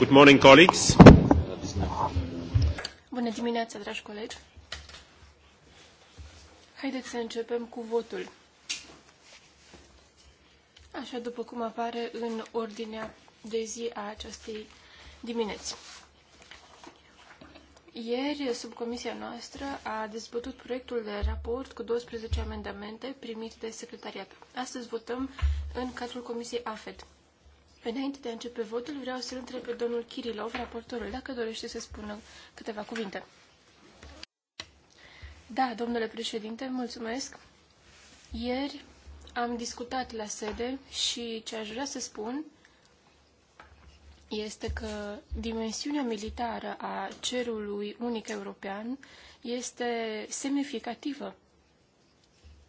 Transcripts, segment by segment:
Good morning, colleagues. Bună dimineața, dragi colegi. Haideți să începem cu votul. Așa după cum apare în ordinea de zi a acestei dimineți. Ieri, subcomisia noastră a dezbătut proiectul de raport cu 12 amendamente primite de secretariat. Astăzi votăm în cadrul comisiei AFED. Înainte de a începe votul, vreau să-l întreb pe domnul Kirilov, raportorul, dacă dorește să spună câteva cuvinte. Da, domnule președinte, mulțumesc. Ieri am discutat la sede și ce aș vrea să spun este că dimensiunea militară a cerului unic european este semnificativă.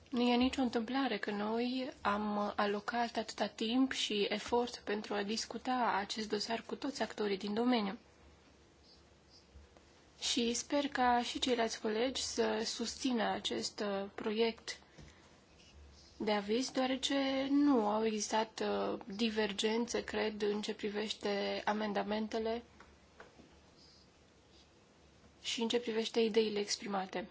Nu e nicio întâmplare că noi am alocat atâta timp și efort pentru a discuta acest dosar cu toți actorii din domeniu. Și sper ca și ceilalți colegi să susțină acest uh, proiect de aviz, deoarece nu au existat uh, divergențe, cred, în ce privește amendamentele și în ce privește ideile exprimate.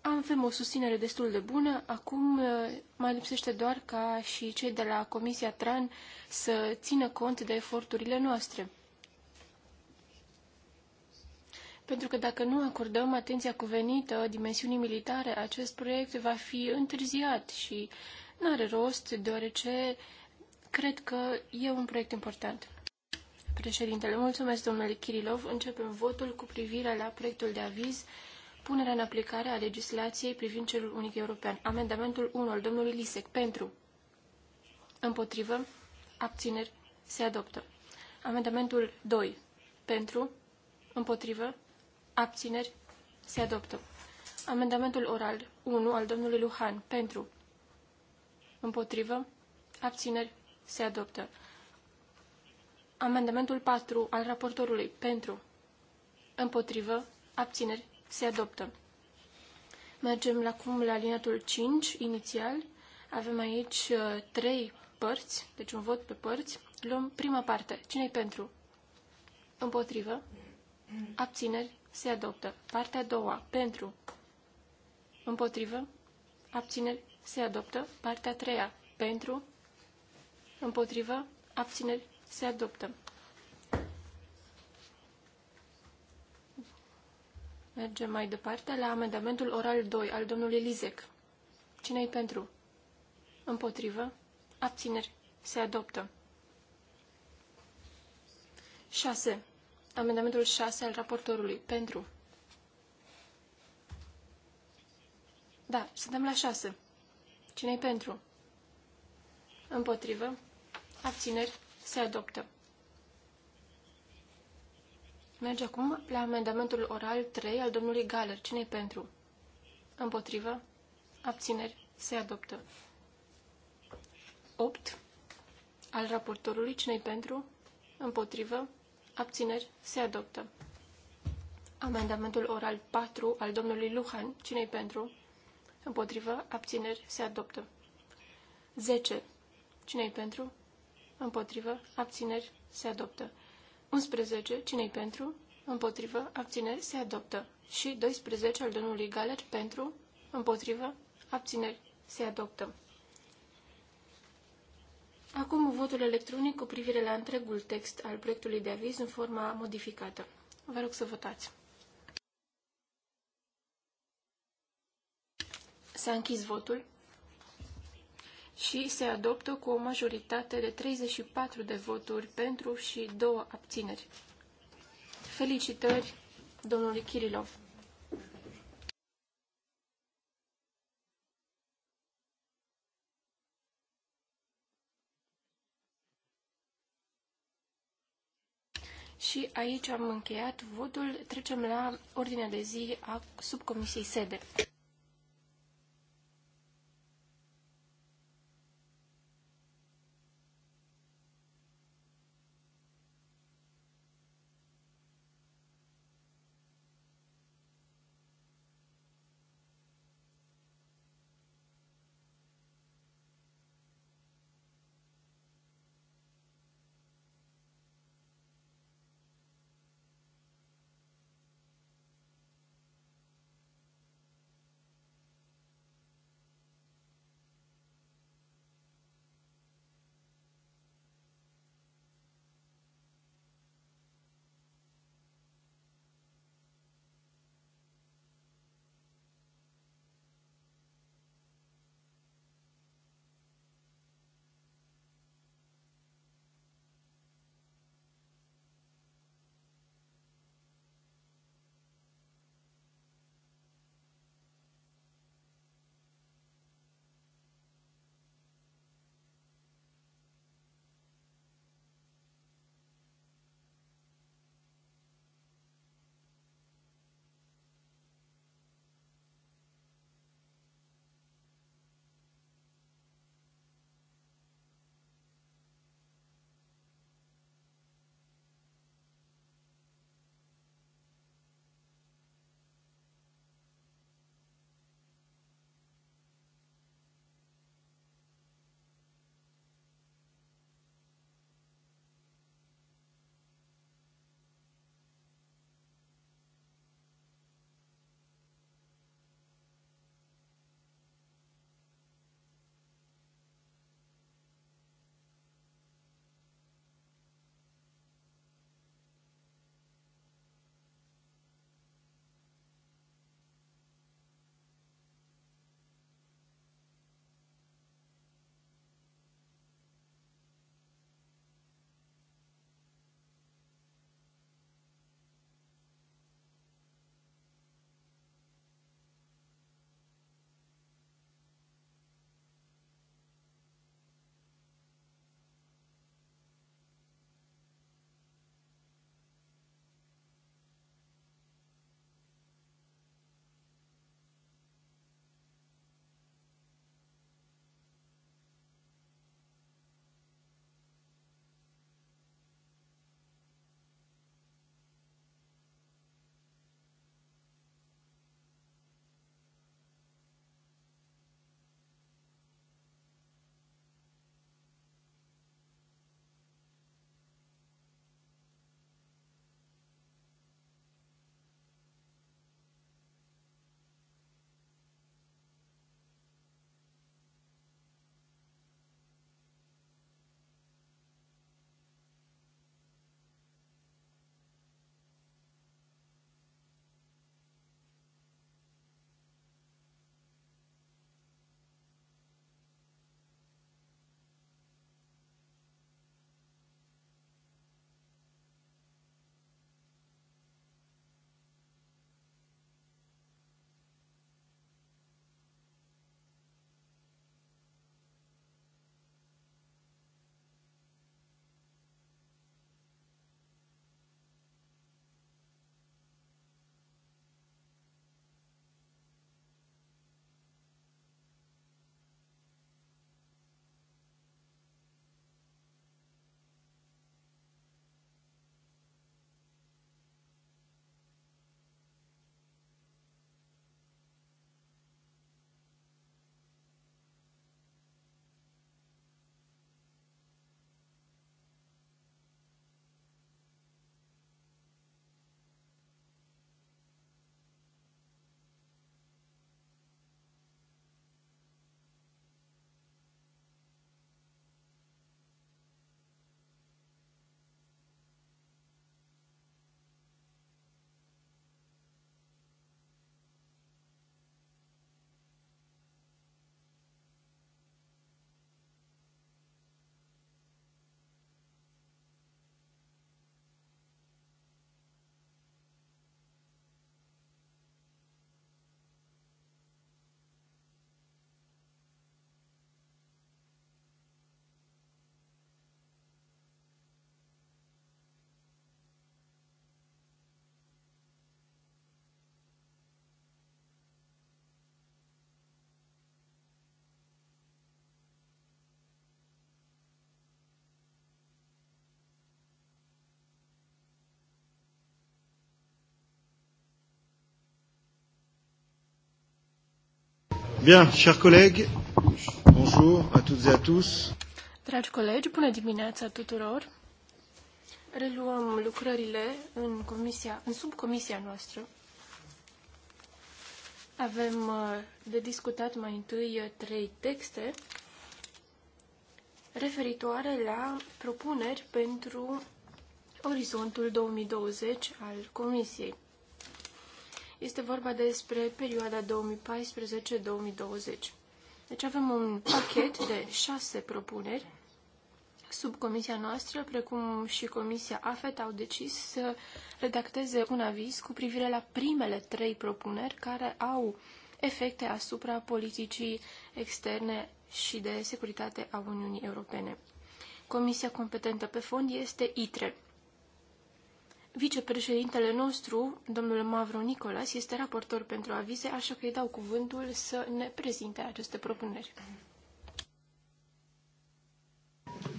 Avem o susținere destul de bună, acum uh, mai lipsește doar ca și cei de la Comisia TRAN să țină cont de eforturile noastre pentru că dacă nu acordăm atenția cuvenită dimensiunii militare, acest proiect va fi întârziat și nu are rost, deoarece cred că e un proiect important. Președintele, mulțumesc domnule Kirilov. Începem votul cu privire la proiectul de aviz punerea în aplicare a legislației privind cerul unic european. Amendamentul 1 al domnului Lisec pentru împotrivă abțineri se adoptă. Amendamentul 2 pentru împotrivă Abțineri. Se adoptă. Amendamentul oral 1 al domnului Luhan. Pentru. Împotrivă. Abțineri. Se adoptă. Amendamentul 4 al raportorului. Pentru. Împotrivă. Abțineri. Se adoptă. Mergem acum la alineatul 5, inițial. Avem aici uh, trei părți, deci un vot pe părți. Luăm prima parte. Cine-i pentru? Împotrivă. Abțineri se adoptă. Partea a doua, pentru, împotrivă, abțineri, se adoptă. Partea a treia, pentru, împotrivă, abțineri, se adoptă. Mergem mai departe la amendamentul oral 2 al domnului Lizec. Cine-i pentru? Împotrivă, abțineri, se adoptă. 6. Amendamentul 6 al raportorului. Pentru. Da, suntem la 6. Cine-i pentru? Împotrivă. Abțineri. Se adoptă. Merge acum la amendamentul oral 3 al domnului Galer. Cine-i pentru? Împotrivă. Abțineri. Se adoptă. 8. Al raportorului. Cine-i pentru? Împotrivă. Abțineri. Se adoptă. Amendamentul oral 4 al domnului Luhan. Cine-i pentru? Împotrivă. Abțineri. Se adoptă. 10. Cine-i pentru? Împotrivă. Abțineri. Se adoptă. 11. Cine-i pentru? Împotrivă. Abțineri. Se adoptă. Și 12 al domnului Galer pentru? Împotrivă. Abțineri. Se adoptă. Acum votul electronic cu privire la întregul text al proiectului de aviz în forma modificată. Vă rog să votați. S-a închis votul și se adoptă cu o majoritate de 34 de voturi pentru și două abțineri. Felicitări domnului Kirilov. Și aici am încheiat votul. Trecem la ordinea de zi a subcomisiei SEDE. Bien, chers collègues, bonjour à toutes et à tous. Dragi colegi, bună dimineața tuturor. Reluăm lucrările în comisia, în subcomisia noastră. Avem uh, de discutat mai întâi uh, trei texte referitoare la propuneri pentru orizontul 2020 al comisiei. Este vorba despre perioada 2014-2020. Deci avem un pachet de șase propuneri. Sub comisia noastră, precum și comisia AFET, au decis să redacteze un aviz cu privire la primele trei propuneri care au efecte asupra politicii externe și de securitate a Uniunii Europene. Comisia competentă pe fond este ITRE. Vicepreședintele nostru, domnul Mavro Nicolas, este raportor pentru avize, așa că îi dau cuvântul să ne prezinte aceste propuneri.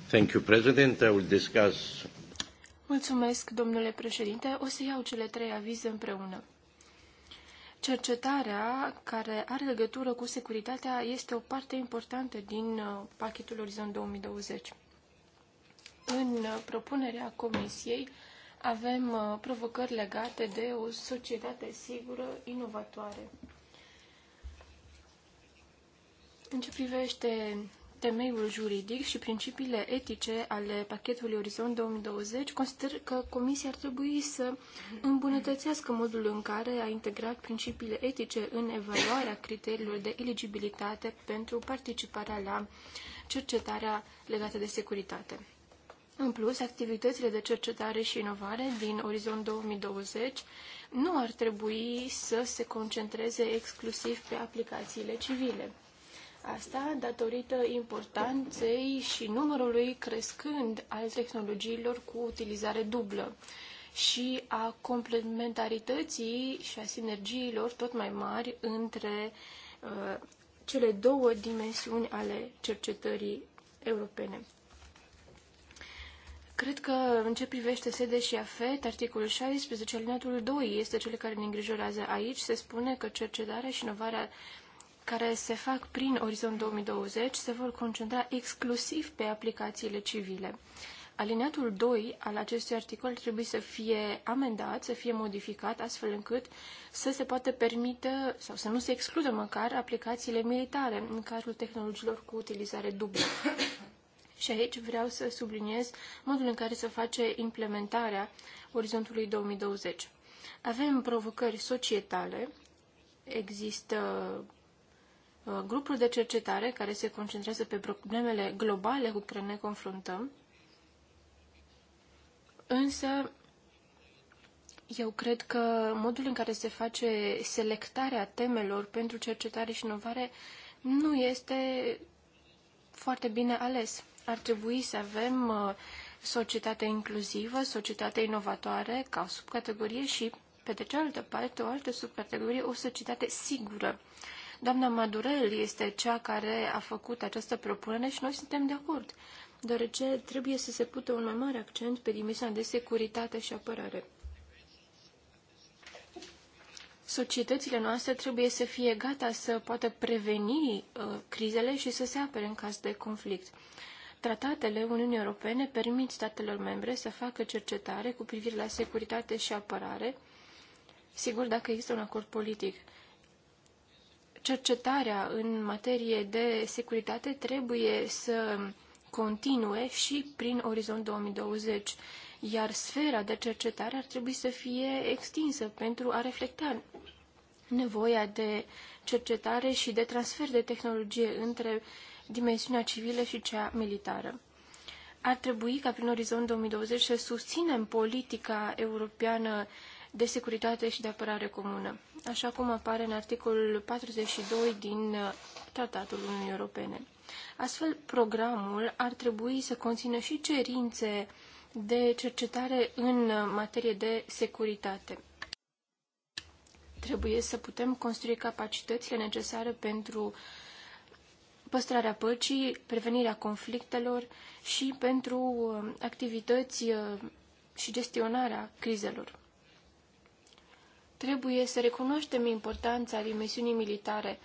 Thank you, President. I will discuss... Mulțumesc, domnule președinte. O să iau cele trei avize împreună. Cercetarea care are legătură cu securitatea este o parte importantă din uh, pachetul Orizont 2020. În uh, propunerea Comisiei, avem uh, provocări legate de o societate sigură, inovatoare. În ce privește temeiul juridic și principiile etice ale pachetului Orizont 2020, consider că Comisia ar trebui să îmbunătățească modul în care a integrat principiile etice în evaluarea criteriilor de eligibilitate pentru participarea la cercetarea legată de securitate. În plus, activitățile de cercetare și inovare din Orizont 2020 nu ar trebui să se concentreze exclusiv pe aplicațiile civile. Asta datorită importanței și numărului crescând al tehnologiilor cu utilizare dublă și a complementarității și a sinergiilor tot mai mari între uh, cele două dimensiuni ale cercetării europene. Cred că în ce privește sede și afet, articolul 16, alineatul 2 este cel care ne îngrijorează aici. Se spune că cercetarea și inovarea care se fac prin Orizont 2020 se vor concentra exclusiv pe aplicațiile civile. Alineatul 2 al acestui articol trebuie să fie amendat, să fie modificat, astfel încât să se poată permite sau să nu se excludă măcar aplicațiile militare în cadrul tehnologiilor cu utilizare dublă. Și aici vreau să subliniez modul în care se face implementarea orizontului 2020. Avem provocări societale, există uh, grupuri de cercetare care se concentrează pe problemele globale cu care ne confruntăm, însă eu cred că modul în care se face selectarea temelor pentru cercetare și inovare nu este foarte bine ales ar trebui să avem uh, societate inclusivă, societate inovatoare ca o subcategorie și, pe de cealaltă parte, o altă subcategorie, o societate sigură. Doamna Madurel este cea care a făcut această propunere și noi suntem de acord, deoarece trebuie să se pută un mai mare accent pe dimensiunea de securitate și apărare. Societățile noastre trebuie să fie gata să poată preveni uh, crizele și să se apere în caz de conflict. Tratatele Uniunii Europene permit statelor membre să facă cercetare cu privire la securitate și apărare, sigur dacă există un acord politic. Cercetarea în materie de securitate trebuie să continue și prin orizont 2020, iar sfera de cercetare ar trebui să fie extinsă pentru a reflecta nevoia de cercetare și de transfer de tehnologie între uh, dimensiunea civilă și cea militară. Ar trebui ca prin orizont 2020 să susținem politica europeană de securitate și de apărare comună, așa cum apare în articolul 42 din uh, Tratatul Uniunii Europene. Astfel, programul ar trebui să conțină și cerințe de cercetare în uh, materie de securitate. Trebuie să putem construi capacitățile necesare pentru păstrarea păcii, prevenirea conflictelor și pentru uh, activități uh, și gestionarea crizelor. Trebuie să recunoaștem importanța dimensiunii militare,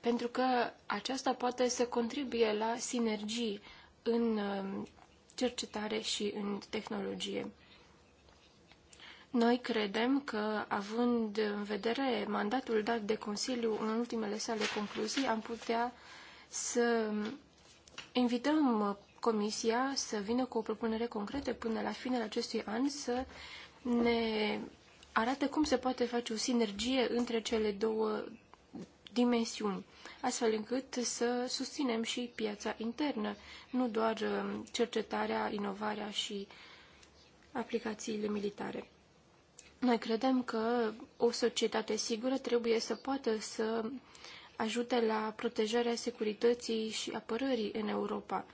pentru că aceasta poate să contribuie la sinergii în uh, cercetare și în tehnologie. Noi credem că, având în vedere mandatul dat de Consiliu în ultimele sale concluzii, am putea să invităm Comisia să vină cu o propunere concretă până la finele acestui an, să ne arate cum se poate face o sinergie între cele două dimensiuni, astfel încât să susținem și piața internă, nu doar um, cercetarea, inovarea și aplicațiile militare. Noi credem că o societate sigură trebuie să poată să ajute la protejarea securității și apărării în Europa,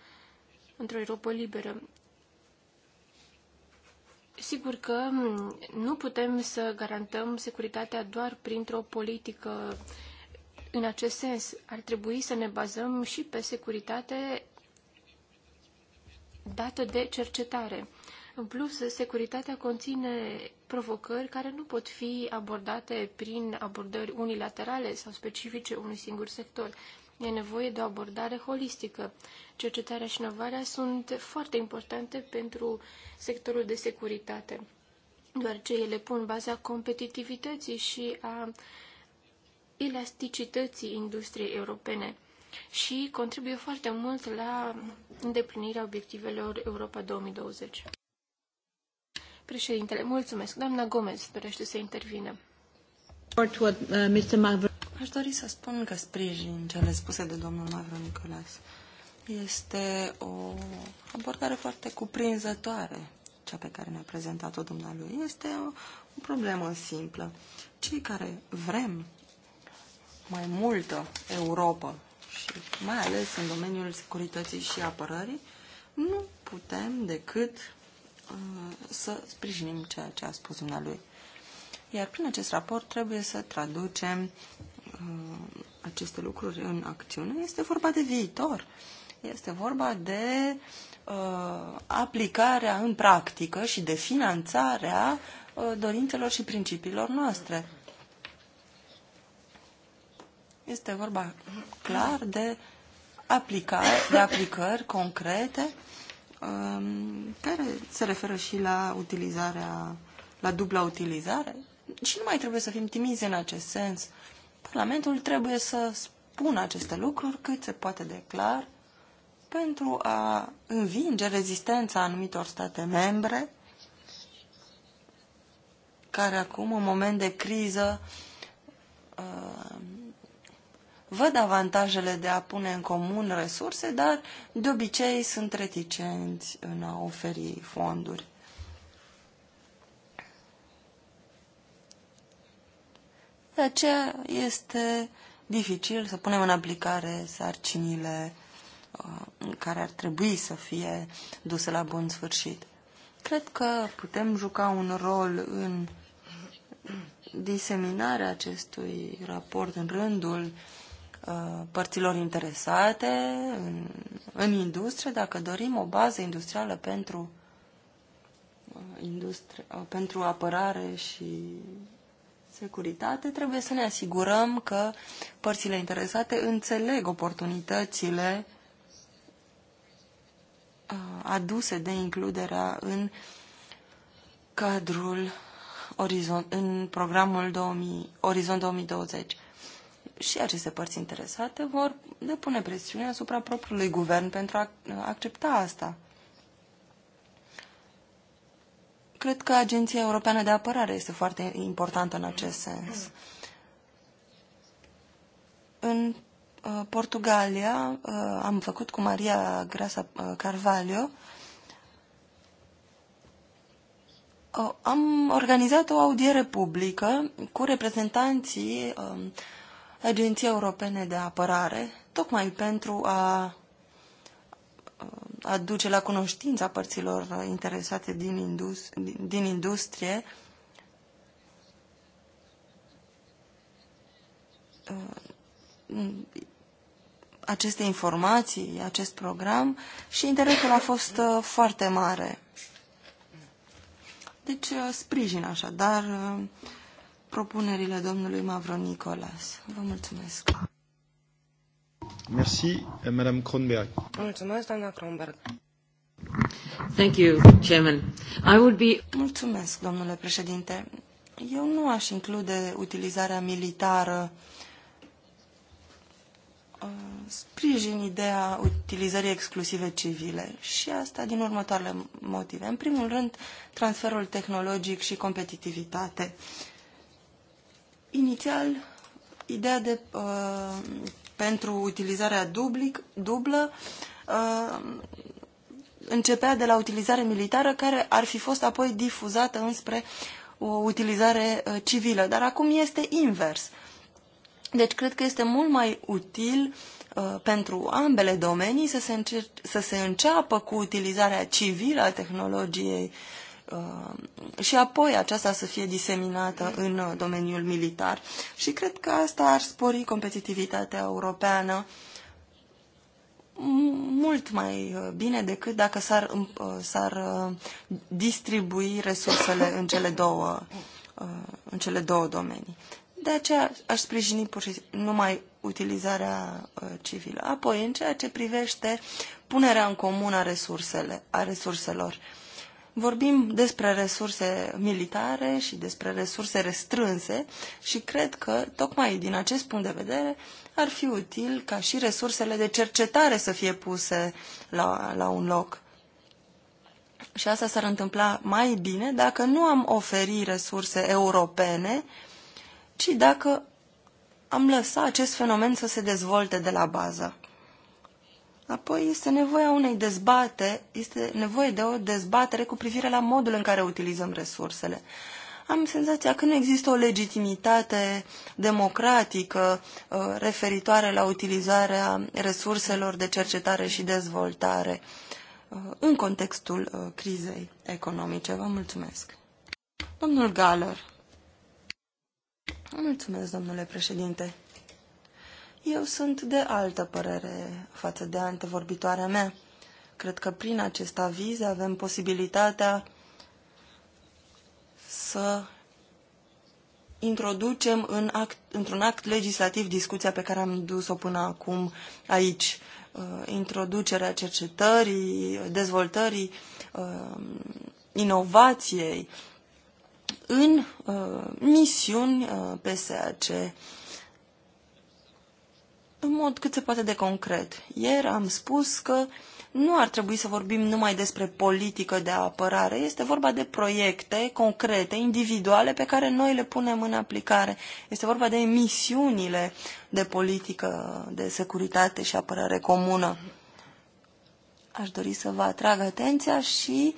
într-o Europa liberă. Sigur că mm, nu putem să garantăm securitatea doar printr-o politică în acest sens. Ar trebui să ne bazăm și pe securitate dată de cercetare. În plus, securitatea conține provocări care nu pot fi abordate prin abordări unilaterale sau specifice unui singur sector. E nevoie de o abordare holistică. Cercetarea și inovarea sunt foarte importante pentru sectorul de securitate, deoarece ele pun baza competitivității și a elasticității industriei europene și contribuie foarte mult la îndeplinirea obiectivelor Europa 2020. Președintele, mulțumesc. Doamna Gomez dorește să intervină. Uh, Aș dori să spun că sprijin cele spuse de domnul Mavro Nicolas. Este o abordare foarte cuprinzătoare, cea pe care ne-a prezentat-o dumnealui. Este o, o problemă simplă. Cei care vrem mai multă Europa și mai ales în domeniul securității și apărării, nu putem decât Uh, să sprijinim ceea ce a spus dumnealui. Iar prin acest raport trebuie să traducem uh, aceste lucruri în acțiune. Este vorba de viitor. Este vorba de uh, aplicarea în practică și de finanțarea uh, dorințelor și principiilor noastre. Este vorba clar de aplicare, de aplicări concrete uh, Um, care se referă și la utilizarea, la dubla utilizare. Și nu mai trebuie să fim timizi în acest sens. Parlamentul trebuie să spună aceste lucruri cât se poate de clar pentru a învinge rezistența anumitor state membre care acum, în moment de criză, uh, văd avantajele de a pune în comun resurse, dar de obicei sunt reticenți în a oferi fonduri. De aceea este dificil să punem în aplicare sarcinile uh, care ar trebui să fie duse la bun sfârșit. Cred că putem juca un rol în diseminarea acestui raport în rândul Uh, părților interesate în, în industrie, dacă dorim o bază industrială pentru, uh, industrie, uh, pentru apărare și securitate, trebuie să ne asigurăm că părțile interesate înțeleg oportunitățile aduse de includerea în cadrul Orizont, în programul 2000, Orizont 2020 și aceste părți interesate vor depune presiune asupra propriului guvern pentru a accepta asta. Cred că Agenția Europeană de Apărare este foarte importantă în acest sens. În uh, Portugalia uh, am făcut cu Maria Grasa uh, Carvalho uh, am organizat o audiere publică cu reprezentanții uh, Agenția Europene de Apărare, tocmai pentru a aduce la cunoștința părților interesate din, indus, din industrie uh, aceste informații, acest program și interesul a fost uh, foarte mare. Deci uh, sprijin așadar propunerile domnului Mavro Nicolas. Vă mulțumesc. Merci, Madame Kronberg. Mulțumesc, doamna Kronberg. Thank you, Chairman. I would be... Mulțumesc, domnule președinte. Eu nu aș include utilizarea militară uh, sprijin ideea utilizării exclusive civile și asta din următoarele motive. În primul rând, transferul tehnologic și competitivitate. Uh, Inițial, ideea de uh, pentru utilizarea dublic, dublă uh, începea de la utilizare militară care ar fi fost apoi difuzată înspre o utilizare uh, civilă, dar acum este invers. Deci cred că este mult mai util uh, pentru ambele domenii să se, încer- să se înceapă cu utilizarea civilă a tehnologiei uh, Uh, și apoi aceasta să fie diseminată în uh, domeniul militar. Și cred că asta ar spori competitivitatea europeană mult mai uh, bine decât dacă s-ar, s-ar distribui resursele în cele două, în cele două domenii. De aceea aș sprijini pur și numai utilizarea civilă. Apoi, în ceea ce privește punerea în comun a, a resurselor, vorbim despre resurse militare și despre resurse restrânse și cred că, tocmai din acest punct de vedere, ar fi util ca și resursele de cercetare să fie puse la, la un loc. Și asta s-ar întâmpla mai bine dacă nu am oferi resurse europene, ci dacă am lăsat acest fenomen să se dezvolte de la bază. Apoi este nevoia unei dezbate, este nevoie de o dezbatere cu privire la modul în care utilizăm resursele. Am senzația că nu există o legitimitate democratică uh, referitoare la utilizarea resurselor de cercetare și dezvoltare uh, în contextul uh, crizei economice. Vă mulțumesc. Domnul Galer. Mulțumesc, domnule președinte. Eu sunt de altă părere față de antevorbitoarea mea. Cred că prin acest aviz avem posibilitatea să introducem în act, într-un act legislativ discuția pe care am dus-o până acum aici. Uh, introducerea cercetării, dezvoltării, uh, inovației în uh, misiuni PSAC în mod cât se poate de concret. Ieri am spus că nu ar trebui să vorbim numai despre politică de apărare, este vorba de proiecte concrete, individuale, pe care noi le punem în aplicare. Este vorba de misiunile de politică de securitate și apărare comună. Aș dori să vă atrag atenția și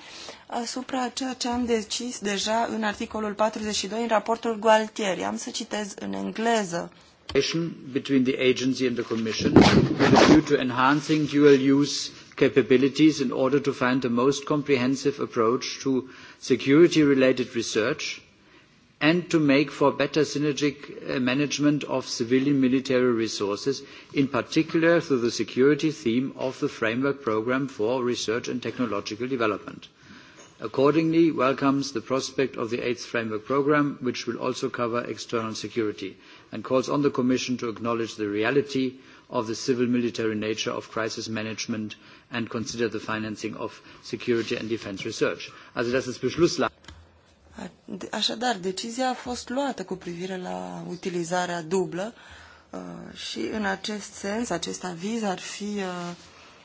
asupra ceea ce am decis deja în articolul 42 în raportul Gualtieri. Am să citez în engleză between the agency and the Commission with a view to enhancing dual-use capabilities in order to find the most comprehensive approach to security-related research and to make for better synergic uh, management of civilian military resources, in particular through the security theme of the Framework Programme for Research and Technological Development. Accordingly, welcomes the prospect of the eighth Framework Programme, which will also cover external security and calls on the Commission to acknowledge the reality of the civil-military nature of crisis management and consider the financing of security and defense research. Also das ist Beschlusslage. Așadar, decizia a fost luată cu privire la utilizarea dublă uh, și în acest sens, acest aviz ar fi uh,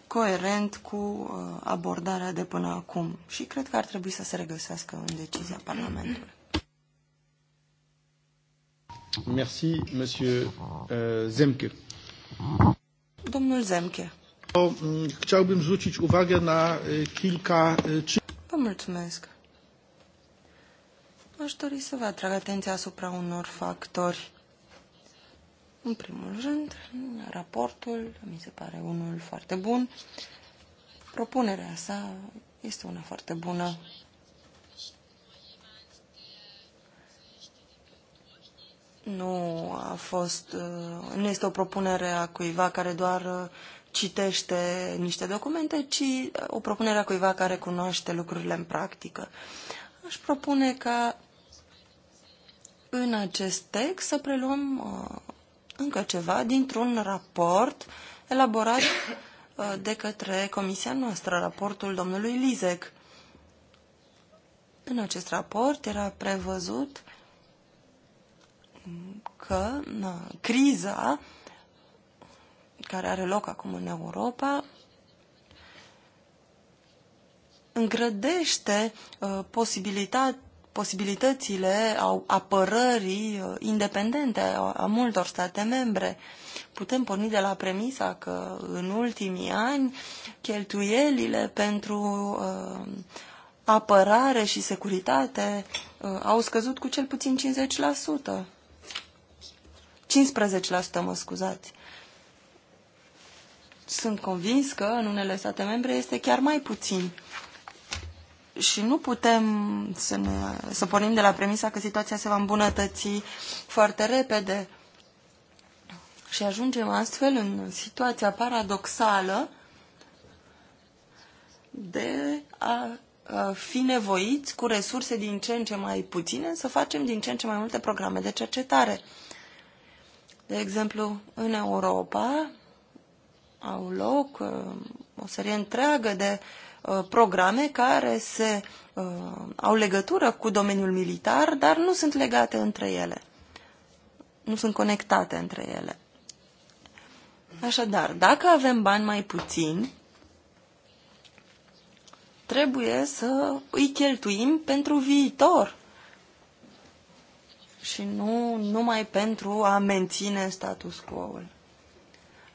coerent cu uh, abordarea de până acum și cred că ar trebui să se regăsească în decizia Parlamentului. Merci, monsieur euh, Zemke. Domnul Zemke. chciałbym zwrócić uwagę na kilka... Vă mulțumesc. Aș dori să vă atrag atenția asupra unor factori. În primul rând, raportul mi se pare unul foarte bun. Propunerea sa este una foarte bună. nu a fost, uh, nu este o propunere a cuiva care doar uh, citește niște documente, ci uh, o propunere a cuiva care cunoaște lucrurile în practică. Aș propune ca în acest text să preluăm încă ceva dintr-un raport elaborat de către comisia noastră, raportul domnului Lizec. În acest raport era prevăzut că criza care are loc acum în Europa îngrădește uh, posibilitatea posibilitățile au apărării uh, independente a multor state membre. Putem porni de la premisa că în ultimii ani cheltuielile pentru uh, apărare și securitate uh, au scăzut cu cel puțin 50%. 15%, mă scuzați. Sunt convins că în unele state membre este chiar mai puțin. Și nu putem să, ne, să pornim de la premisa că situația se va îmbunătăți foarte repede. Și ajungem astfel în situația paradoxală de a fi nevoiți cu resurse din ce în ce mai puține să facem din ce în ce mai multe programe de cercetare. De exemplu, în Europa au loc uh, o serie întreagă de uh, programe care se uh, au legătură cu domeniul militar, dar nu sunt legate între ele. Nu sunt conectate între ele. Așadar, dacă avem bani mai puțini, trebuie să îi cheltuim pentru viitor și nu numai pentru a menține status quo-ul.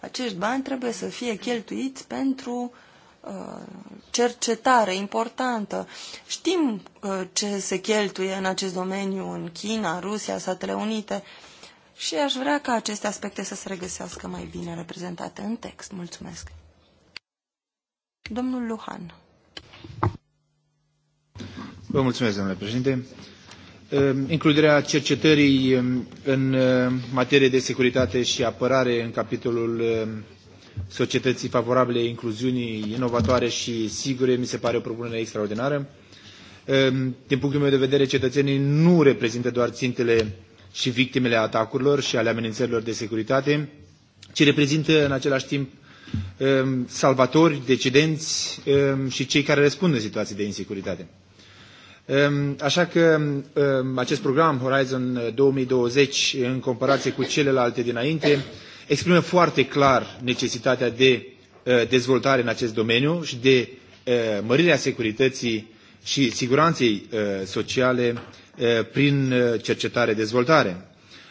Acești bani trebuie să fie cheltuiți pentru uh, cercetare importantă. Știm uh, ce se cheltuie în acest domeniu în China, Rusia, Statele Unite și aș vrea ca aceste aspecte să se regăsească mai bine reprezentate în text. Mulțumesc. Domnul Luhan. Vă mulțumesc, domnule președinte. Ehm, includerea cercetării ehm, în ehm, materie de securitate și apărare în capitolul societății favorabile incluziunii inovatoare și sigure mi se pare o propunere extraordinară. Din punctul meu de vedere, cetățenii nu reprezintă doar țintele și victimele atacurilor și ale amenințărilor de securitate, ci reprezintă în același timp salvatori, decidenți și cei care răspund în situații de insecuritate. Ehm, așa că ehm, acest program Horizon 2020, eh, în comparație cu celelalte dinainte, exprimă foarte clar necesitatea de eh, dezvoltare în acest domeniu și de eh, mărirea securității și siguranței sociale prin cercetare-dezvoltare.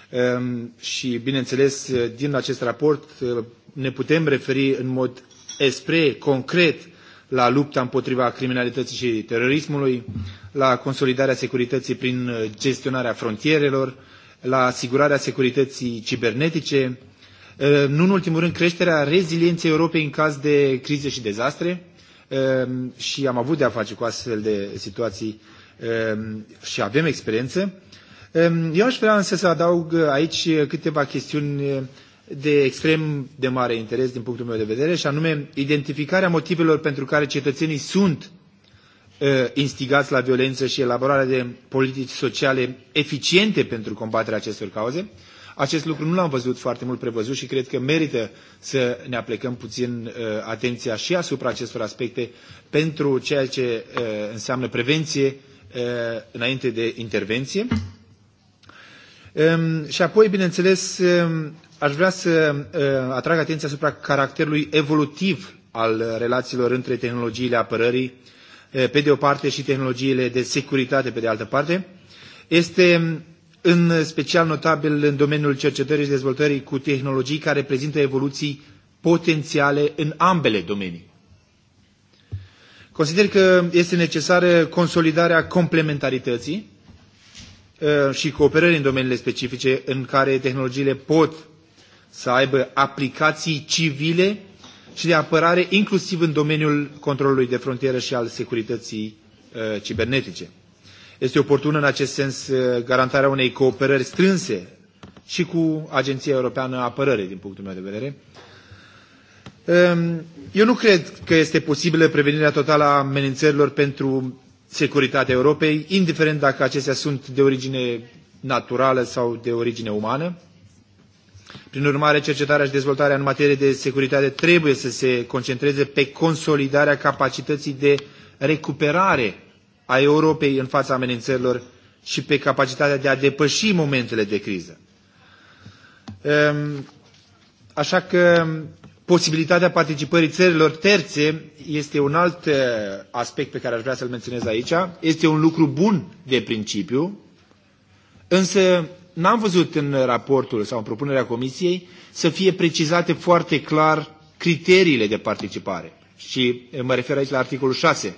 Ehm, și, bineînțeles, din acest raport ne putem referi în mod spre concret la lupta împotriva criminalității și terorismului, la consolidarea securității prin uh, gestionarea frontierelor, la asigurarea securității cibernetice, uh, nu în ultimul rând creșterea rezilienței Europei în caz de crize și dezastre um, și am avut de a face cu astfel de situații um, și avem experiență. Um, eu aș vrea însă să adaug aici câteva chestiuni uh, de extrem de mare interes din punctul meu de vedere, și anume identificarea motivelor pentru care cetățenii sunt uh, instigați la violență și elaborarea de politici sociale eficiente pentru combaterea acestor cauze. Acest lucru nu l-am văzut foarte mult prevăzut și cred că merită să ne aplecăm puțin uh, atenția și asupra acestor aspecte pentru ceea ce uh, înseamnă prevenție uh, înainte de intervenție. Um, și apoi, bineînțeles, ehm, Aș vrea să ă, atrag atenția asupra caracterului evolutiv al relațiilor între tehnologiile apărării, ă, pe de o parte, și tehnologiile de securitate, pe de altă parte. Este în special notabil în domeniul cercetării și dezvoltării cu tehnologii care prezintă evoluții potențiale în ambele domenii. Consider că este necesară consolidarea complementarității ă, și cooperării în domeniile specifice în care tehnologiile pot să aibă aplicații civile și de apărare, inclusiv în domeniul controlului de frontieră și al securității uh, cibernetice. Este oportună în acest sens uh, garantarea unei cooperări strânse și cu Agenția Europeană a Apărării, din punctul meu de vedere. Um, eu nu cred că este posibilă prevenirea totală a amenințărilor pentru securitatea Europei, indiferent dacă acestea sunt de origine naturală sau de origine umană. Prin urmare, cercetarea și dezvoltarea în materie de securitate trebuie să se concentreze pe consolidarea capacității de recuperare a Europei în fața amenințărilor și pe capacitatea de a depăși momentele de criză. Ehm, așa că posibilitatea participării țărilor terțe este un alt eh, aspect pe care aș vrea să-l menționez aici. Este un lucru bun de principiu, însă n-am văzut în raportul sau în propunerea Comisiei să fie precizate foarte clar criteriile de participare. Și mă refer aici la articolul 6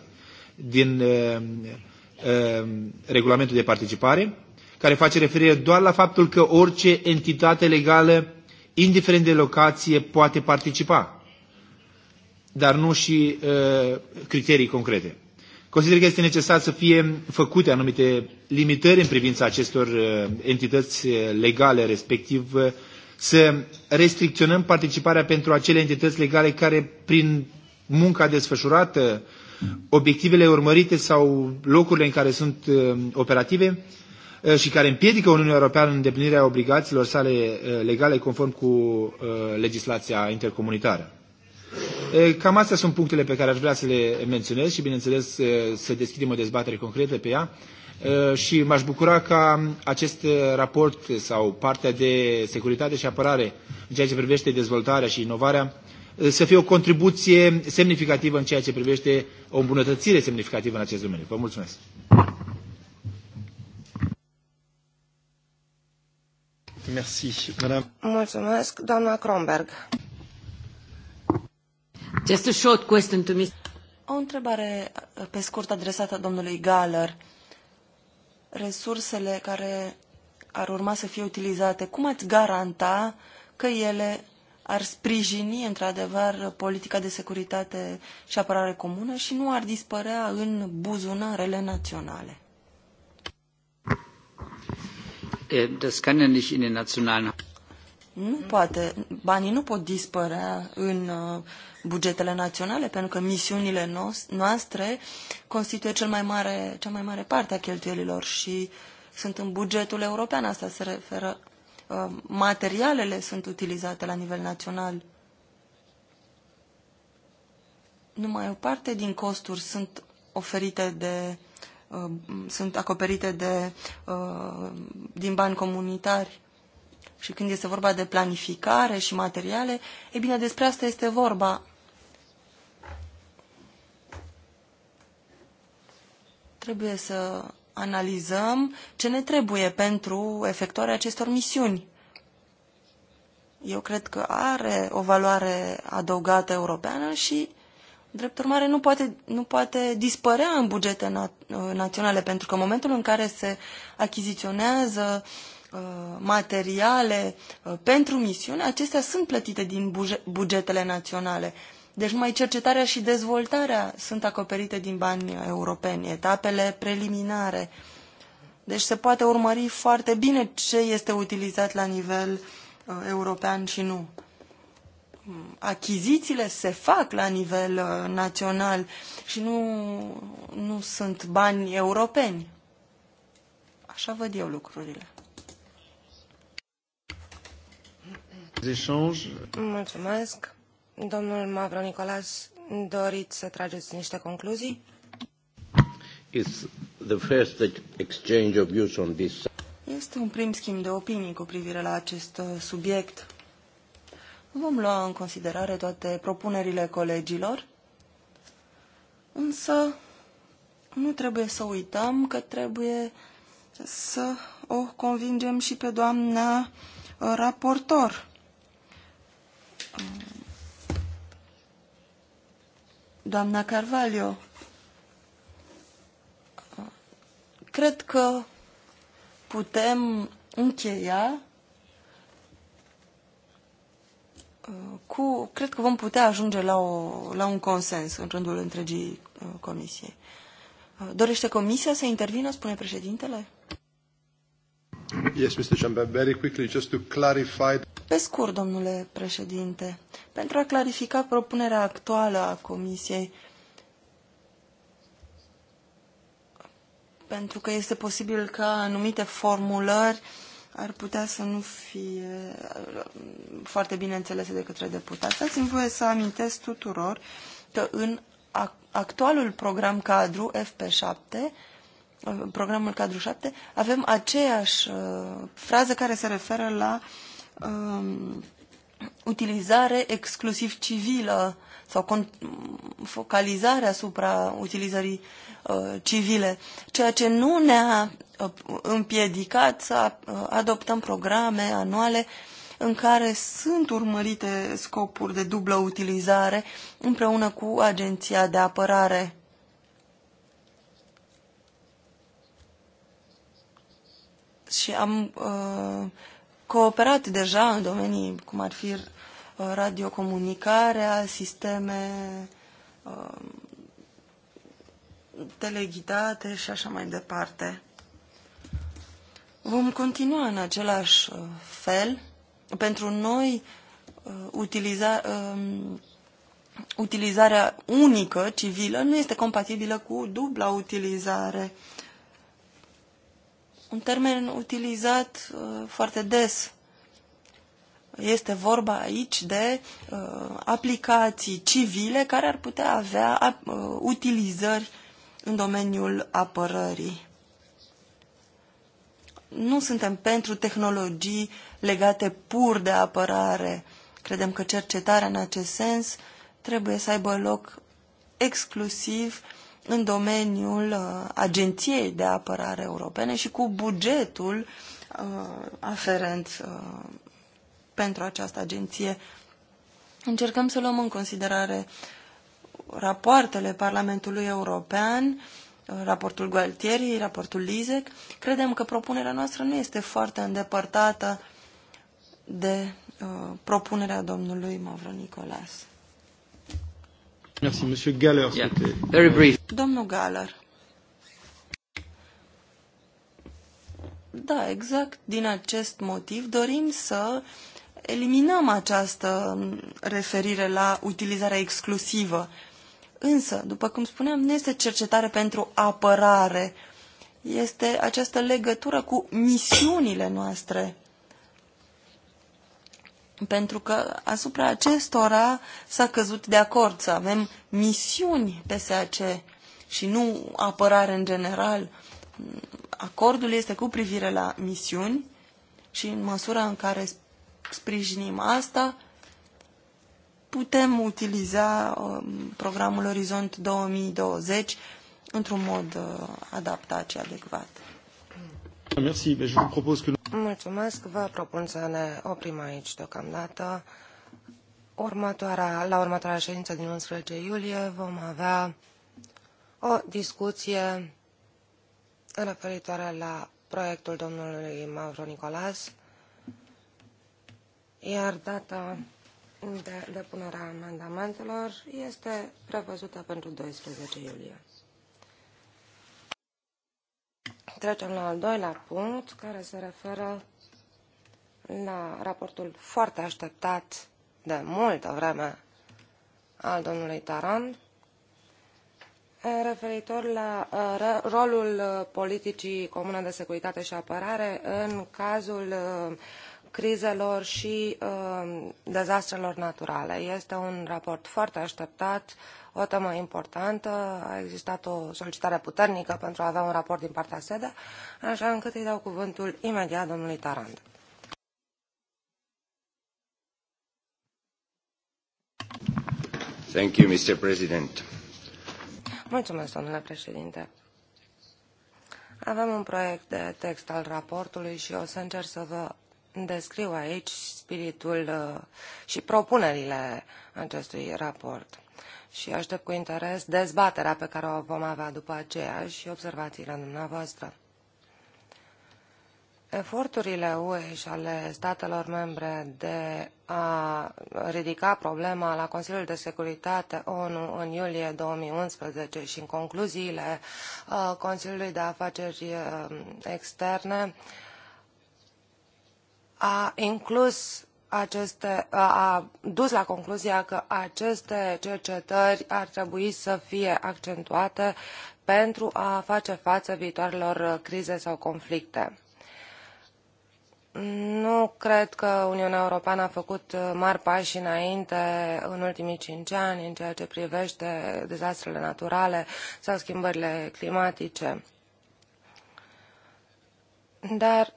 din uh, uh, regulamentul de participare, care face referire doar la faptul că orice entitate legală, indiferent de locație, poate participa, dar nu și uh, criterii concrete. Consider că este necesar să fie făcute anumite limitări în privința acestor uh, entități uh, legale, respectiv uh, să restricționăm participarea pentru acele entități legale care, prin munca desfășurată, obiectivele urmărite sau locurile în care sunt operative, și care împiedică Uniunea Europeană în îndeplinirea obligațiilor sale legale conform cu legislația intercomunitară. Cam astea sunt punctele pe care aș vrea să le menționez și, bineînțeles, să deschidem o dezbatere concretă pe ea și m-aș bucura ca acest raport sau partea de securitate și apărare în ceea ce privește dezvoltarea și inovarea să fie o contribuție semnificativă în ceea ce privește o îmbunătățire semnificativă în acest domeniu. Vă mulțumesc! Mulțumesc, doamna Kronberg. Just a short question to Mr. O întrebare uh, pe scurt adresată domnului Galler. Resursele care ar urma să fie utilizate, cum ați garanta că ele ar sprijini într-adevăr politica de securitate și apărare comună și nu ar dispărea în buzunarele naționale? Das kann ja nicht in den nationalen... Nu poate. Banii nu pot dispărea în uh, bugetele naționale, pentru că misiunile noastre constituie cel mai mare, cea mai mare parte a cheltuielilor și sunt în bugetul european. Asta se referă. Uh, materialele sunt utilizate la nivel național. Numai o parte din costuri sunt oferite de uh, sunt acoperite de, uh, din bani comunitari. Și când este vorba de planificare și materiale, e bine, despre asta este vorba. Trebuie să analizăm ce ne trebuie pentru efectuarea acestor misiuni. Eu cred că are o valoare adăugată europeană și, drept urmare, nu poate, nu poate dispărea în bugete na- uh, naționale, pentru că în momentul în care se achiziționează uh, materiale uh, pentru misiune, acestea sunt plătite din bugetele naționale. Deci numai cercetarea și dezvoltarea sunt acoperite din bani europeni, etapele preliminare. Deci se poate urmări foarte bine ce este utilizat la nivel uh, european și nu. Mm, achizițiile se fac la nivel uh, național și nu, nu sunt bani europeni. Așa văd eu lucrurile. Mulțumesc. Domnul Mavro doriți să trageți niște concluzii? It's the first exchange of views on this. Este un prim schimb de opinii cu privire la acest uh, subiect. Vom lua în considerare toate propunerile colegilor, însă nu trebuie să uităm că trebuie să o convingem și pe doamna uh, raportor doamna Carvalho. Cred că putem încheia cu, cred că vom putea ajunge la, o, la un consens în rândul întregii uh, comisiei. Dorește comisia să intervină, spune președintele? Yes, Mr. Chamber, very quickly, just to clarify... Pe scurt, domnule președinte, pentru a clarifica propunerea actuală a Comisiei, pentru că este posibil ca anumite formulări ar putea să nu fie uh, foarte bine înțelese de către deputați. Dați-mi voie să amintesc tuturor că în actualul program cadru FP7 Uh, programul cadru 7, avem aceeași uh, frază care se referă la uh, utilizare exclusiv civilă sau focalizare asupra utilizării uh, civile, ceea ce nu ne-a uh, împiedicat să adoptăm programe anuale în care sunt urmărite scopuri de dublă utilizare împreună cu Agenția de Apărare. și am uh, cooperat deja în domenii cum ar fi uh, radiocomunicarea, sisteme uh, teleghidate și așa mai departe. Vom continua în același uh, fel. Pentru noi, uh, utiliza, um, utilizarea unică civilă nu este compatibilă cu dubla utilizare uh, un termen utilizat uh, foarte des. Este vorba aici de uh, aplicații civile care ar putea avea uh, utilizări în domeniul apărării. Nu suntem pentru tehnologii legate pur de apărare. Credem că cercetarea în acest sens trebuie să aibă loc exclusiv uh, în domeniul uh, Agenției de Apărare Europene și cu bugetul uh, aferent uh, pentru această agenție. Încercăm să luăm în considerare rapoartele Parlamentului European, raportul Gualtieri, raportul Lizec. Credem că propunerea noastră nu este foarte îndepărtată de propunerea domnului Mavro Nicolas. Merci, Monsieur Galler. Yeah. Very brief. Domnul Galler. Da, exact din acest motiv dorim să eliminăm această referire la utilizarea exclusivă. Însă, după cum spuneam, nu este cercetare pentru apărare. Este această legătură cu misiunile noastre pentru că asupra acestora s-a căzut de acord să avem misiuni PSAC și nu apărare în general. Acordul este cu privire la misiuni și în măsura în care sprijinim asta, putem utiliza um, programul Orizont 2020 într-un mod uh, adaptat și adecvat. Merci, je vous propose que Mulțumesc. Vă propun să ne oprim aici deocamdată. Următoarea, la următoarea ședință din 11 iulie vom avea o discuție referitoare la proiectul domnului Mauro Nicolas, iar data de depunere a amendamentelor este prevăzută pentru 12 iulie. Trecem la al doilea punct, care se referă la raportul foarte așteptat de multă vreme al domnului Taran, referitor la rolul politicii comune de securitate și apărare în cazul crizelor și um, dezastrelor naturale. Este un raport foarte așteptat, o temă importantă. A existat o solicitare puternică pentru a avea un raport din partea SEDE, așa încât îi dau cuvântul imediat domnului Tarand. Thank you, Mr. President. Mulțumesc, domnule președinte. Avem un proiect de text al raportului și o să încerc să vă descriu aici spiritul uh, și propunerile acestui raport și aștept cu interes dezbaterea pe care o vom avea după aceea și observațiile dumneavoastră. Eforturile UE și ale statelor membre de a ridica problema la Consiliul de Securitate ONU în iulie 2011 și în concluziile uh, Consiliului de Afaceri uh, Externe uh, a inclus aceste, a dus la concluzia că aceste cercetări ar trebui să fie accentuate pentru a face față viitoarelor crize sau conflicte. Nu cred că Uniunea Europeană a făcut uh, mari pași înainte în ultimii cinci ani în ceea ce privește dezastrele naturale sau schimbările climatice. Dar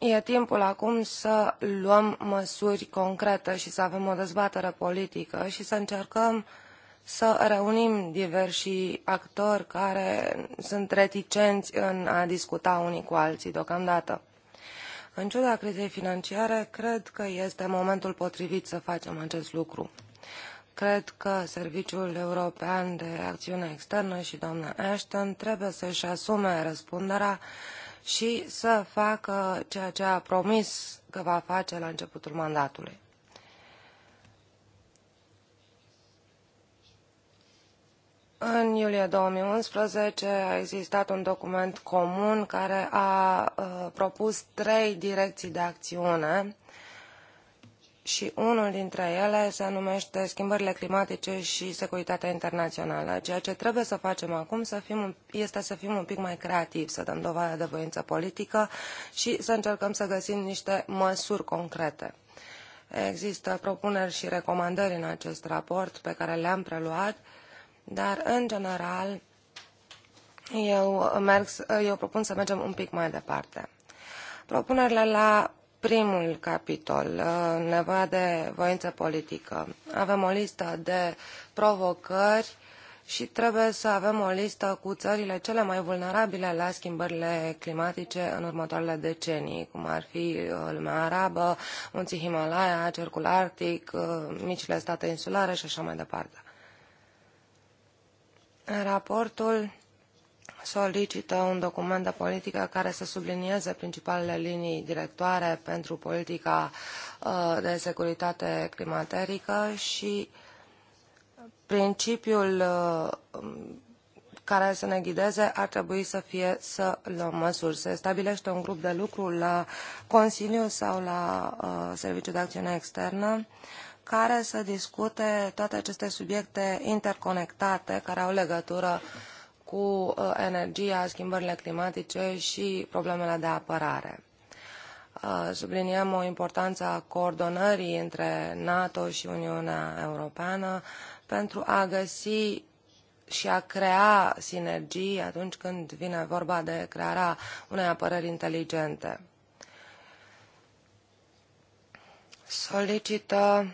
E timpul acum să luăm măsuri concrete și să avem o dezbatere politică și să încercăm să reunim diversi actori care sunt reticenți în a discuta unii cu alții deocamdată. În ciuda crizei financiare, cred că este momentul potrivit să facem acest lucru. Cred că Serviciul European de Acțiune Externă și doamna Ashton trebuie să-și asume răspunderea și să facă ceea ce a promis că va face la începutul mandatului. În iulie 2011 a existat un document comun care a uh, propus trei direcții de acțiune și unul dintre ele se numește schimbările climatice și securitatea internațională. Ceea ce trebuie să facem acum să fim, este să fim un pic mai creativi, să dăm dovadă de voință politică și să încercăm să găsim niște măsuri concrete. Există propuneri și recomandări în acest raport pe care le-am preluat, dar, în general, eu, merg, eu propun să mergem un pic mai departe. Propunerile la primul capitol, uh, nevoia de voință politică. Avem o listă de provocări și trebuie să avem o listă cu țările cele mai vulnerabile la schimbările climatice în următoarele decenii, cum ar fi uh, lumea arabă, munții Himalaya, cercul arctic, uh, micile state insulare și așa mai departe. Raportul solicită un document de politică care să sublinieze principalele linii directoare pentru politica uh, de securitate climaterică și principiul uh, care să ne ghideze ar trebui să fie să luăm măsuri. Se stabilește un grup de lucru la Consiliu sau la uh, Serviciul de Acțiune Externă care să discute toate aceste subiecte interconectate care au legătură cu uh, energia, schimbările climatice și problemele de apărare. Uh, subliniem o importanță a coordonării între NATO și Uniunea Europeană pentru a găsi și a crea sinergii atunci când vine vorba de crearea unei apărări inteligente. Solicită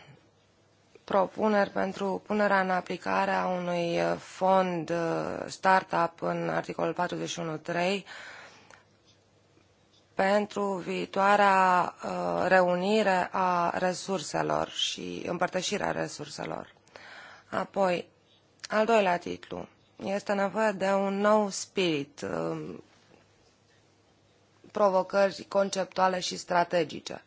propuneri pentru punerea în aplicare a unui uh, fond uh, startup în articolul 41.3 pentru viitoarea uh, reunire a resurselor și împărtășirea resurselor. Apoi, al doilea titlu. Este nevoie de un nou spirit, provocări conceptuale și strategice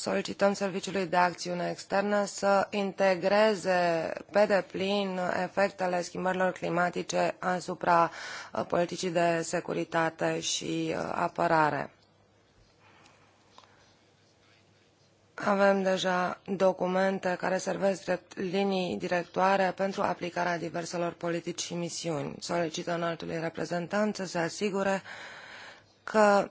solicităm Serviciului de Acțiune Externă să integreze pe deplin efectele schimbărilor climatice asupra uh, politicii de securitate și uh, apărare. Avem deja documente care servesc drept linii directoare pentru aplicarea diverselor politici și misiuni. Solicită înaltului reprezentant să se asigure că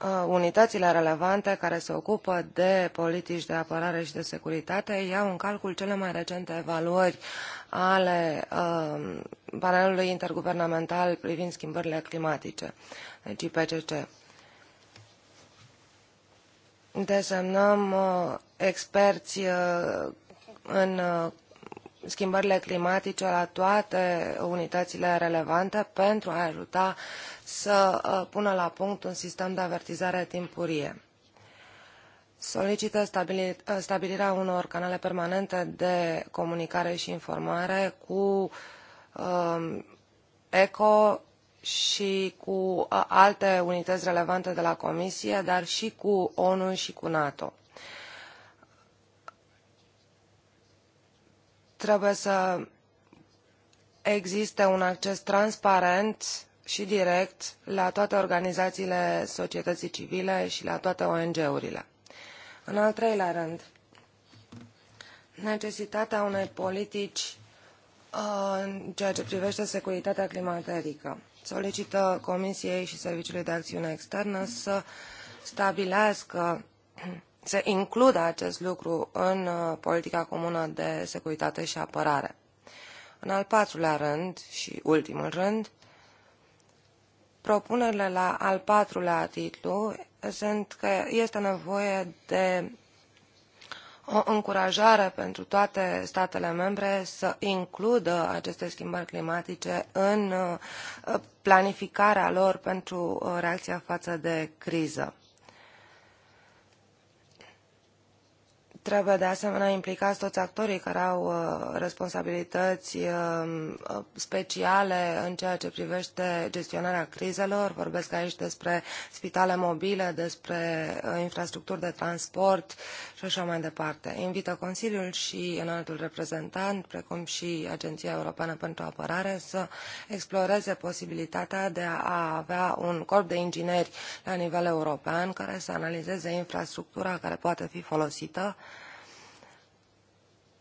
Uh, unitățile relevante care se ocupă de politici de apărare și de securitate iau în calcul cele mai recente evaluări ale uh, panelului interguvernamental privind schimbările climatice, deci IPCC. Desemnăm uh, experți în schimbările climatice la toate unitățile relevante pentru a ajuta să uh, pună la punct un sistem de avertizare timpurie. Solicită uh, stabilirea unor canale permanente de comunicare și informare cu um, ECO și cu uh, alte unități relevante de la Comisie, dar și cu ONU și cu NATO. Trebuie să existe un acces transparent și direct la toate organizațiile societății civile și la toate ONG-urile. În al treilea rând, necesitatea unei politici uh, în ceea ce privește securitatea climaterică. Solicită Comisiei și Serviciului de Acțiune Externă să stabilească se includă acest lucru în uh, politica comună de securitate și apărare. În al patrulea rând și ultimul rând, propunerile la al patrulea titlu sunt că este nevoie de o încurajare pentru toate statele membre să includă aceste schimbări climatice în uh, planificarea lor pentru uh, reacția față de criză. Trebuie de asemenea implicați toți actorii care au uh, responsabilități uh, uh, speciale în ceea ce privește gestionarea crizelor. Vorbesc aici despre spitale mobile, despre infrastructuri de transport și așa mai departe. Invită Consiliul și înaltul reprezentant, precum și Agenția Europeană pentru Apărare, să exploreze posibilitatea de a avea un corp de ingineri la nivel european care să analizeze infrastructura care poate fi folosită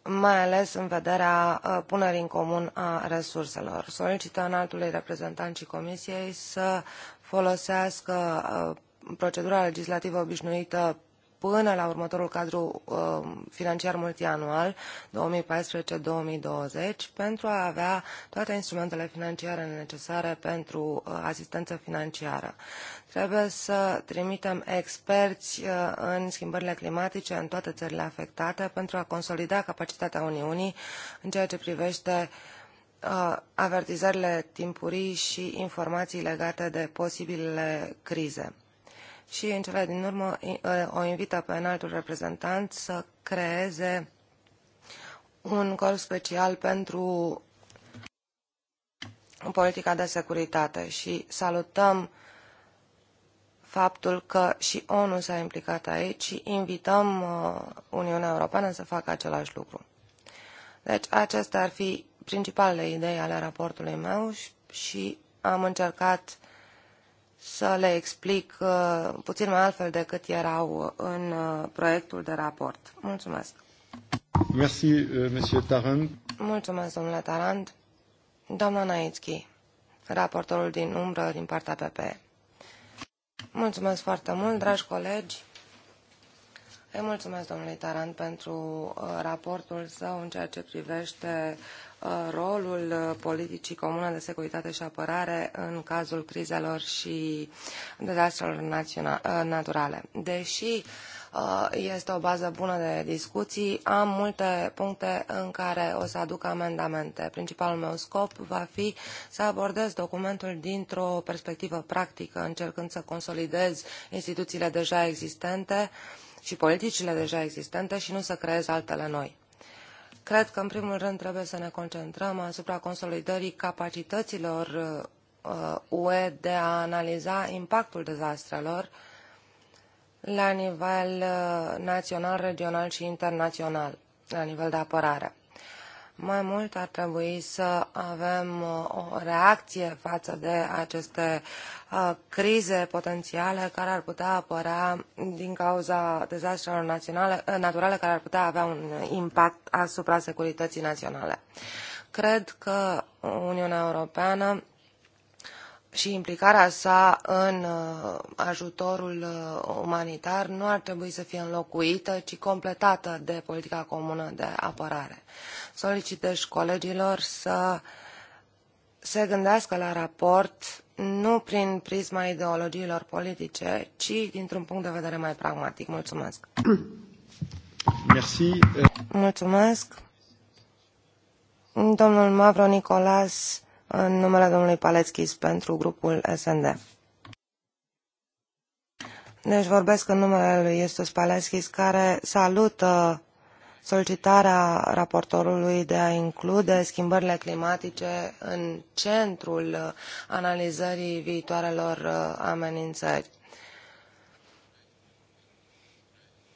mai ales în vederea uh, punerii în comun a resurselor. Solicită înaltului reprezentant și Comisiei să folosească uh, procedura legislativă obișnuită până la următorul cadru uh, financiar multianual 2014-2020 pentru a avea toate instrumentele financiare necesare pentru uh, asistență financiară. Trebuie să trimitem experți uh, în schimbările climatice în toate țările afectate pentru a consolida capacitatea Uniunii în ceea ce privește avertizările timpurii și informații legate de posibilele crize și în cele din urmă ă, o invită pe înaltul reprezentant să creeze un corp special pentru politica de securitate și salutăm faptul că și ONU s-a implicat aici și invităm ă, Uniunea Europeană să facă același lucru. Deci acestea ar fi principalele idei ale raportului meu și am încercat să le explic uh, puțin mai altfel decât erau în uh, proiectul de raport. Mulțumesc. Merci, uh, monsieur Tarand. Mulțumesc, domnule Tarand. Doamna Naitski, raportorul din umbră din partea PPE. Mulțumesc foarte mult, dragi colegi. Îi mulțumesc domnului Tarand pentru raportul său în ceea ce privește rolul uh, politicii comune de securitate și apărare în cazul crizelor și dezastrelor uh, naturale. Deși uh, este o bază bună de discuții. Am multe puncte în care o să aduc amendamente. Principalul meu scop va fi să abordez documentul dintr-o perspectivă practică, încercând să consolidez instituțiile deja existente și politicile deja existente și nu să creez altele noi. Cred că, în primul rând, trebuie să ne concentrăm asupra consolidării capacităților UE uh, uh, de a analiza impactul dezastrelor la nivel uh, național, regional și internațional, la nivel de apărare. Mai mult ar trebui să avem uh, o reacție față de aceste uh, crize potențiale care ar putea apărea din cauza dezastrelor uh, naturale care ar putea avea un impact asupra securității naționale. Cred că Uniunea Europeană și implicarea sa în ajutorul umanitar nu ar trebui să fie înlocuită, ci completată de politica comună de apărare solicit deci colegilor să se gândească la raport nu prin prisma ideologiilor politice, ci dintr-un punct de vedere mai pragmatic. Mulțumesc! Merci. Mulțumesc! Domnul Mavro Nicolas, în numele domnului Paleckis pentru grupul SND. Deci vorbesc în numele lui Iestus Paleschis, care salută solicitarea raportorului de a include schimbările climatice în centrul uh, analizării viitoarelor uh, amenințări.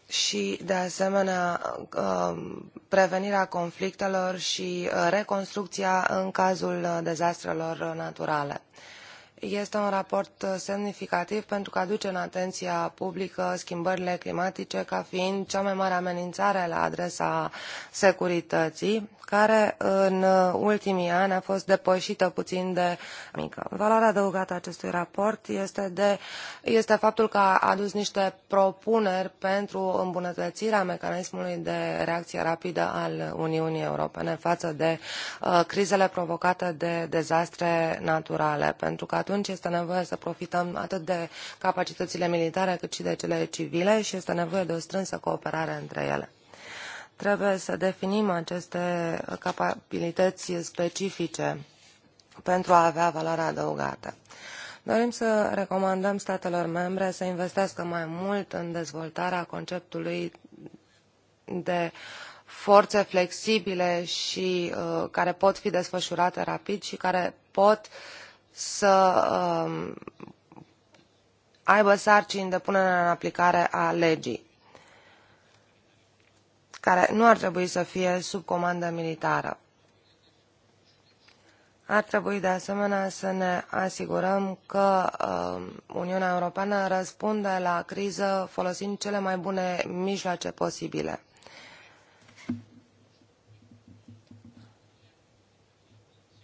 și, de asemenea, uh, prevenirea conflictelor și reconstrucția în cazul dezastrelor naturale. Este un raport uh, semnificativ pentru că aduce în atenția publică schimbările climatice ca fiind cea mai mare amenințare la adresa securității, care în uh, ultimii ani a fost depășită puțin de mică. Valoarea adăugată a acestui raport este, de, este faptul că a adus niște propuneri pentru îmbunătățirea mecanismului de reacție rapidă al Uniunii Europene față de uh, crizele provocate de dezastre naturale, pentru că atunci este nevoie să profităm atât de capacitățile militare cât și de cele civile și este nevoie de o strânsă cooperare între ele trebuie să definim aceste capabilități specifice pentru a avea valoare adăugată. Dorim să recomandăm statelor membre să investească mai mult în dezvoltarea conceptului de forțe flexibile și uh, care pot fi desfășurate rapid și care pot uh, să um, aibă sarcini de punere în aplicare a legii, care nu ar trebui să fie sub comandă militară. Ar trebui de asemenea să ne asigurăm că um, Uniunea Europeană răspunde la criză folosind cele mai bune mijloace posibile.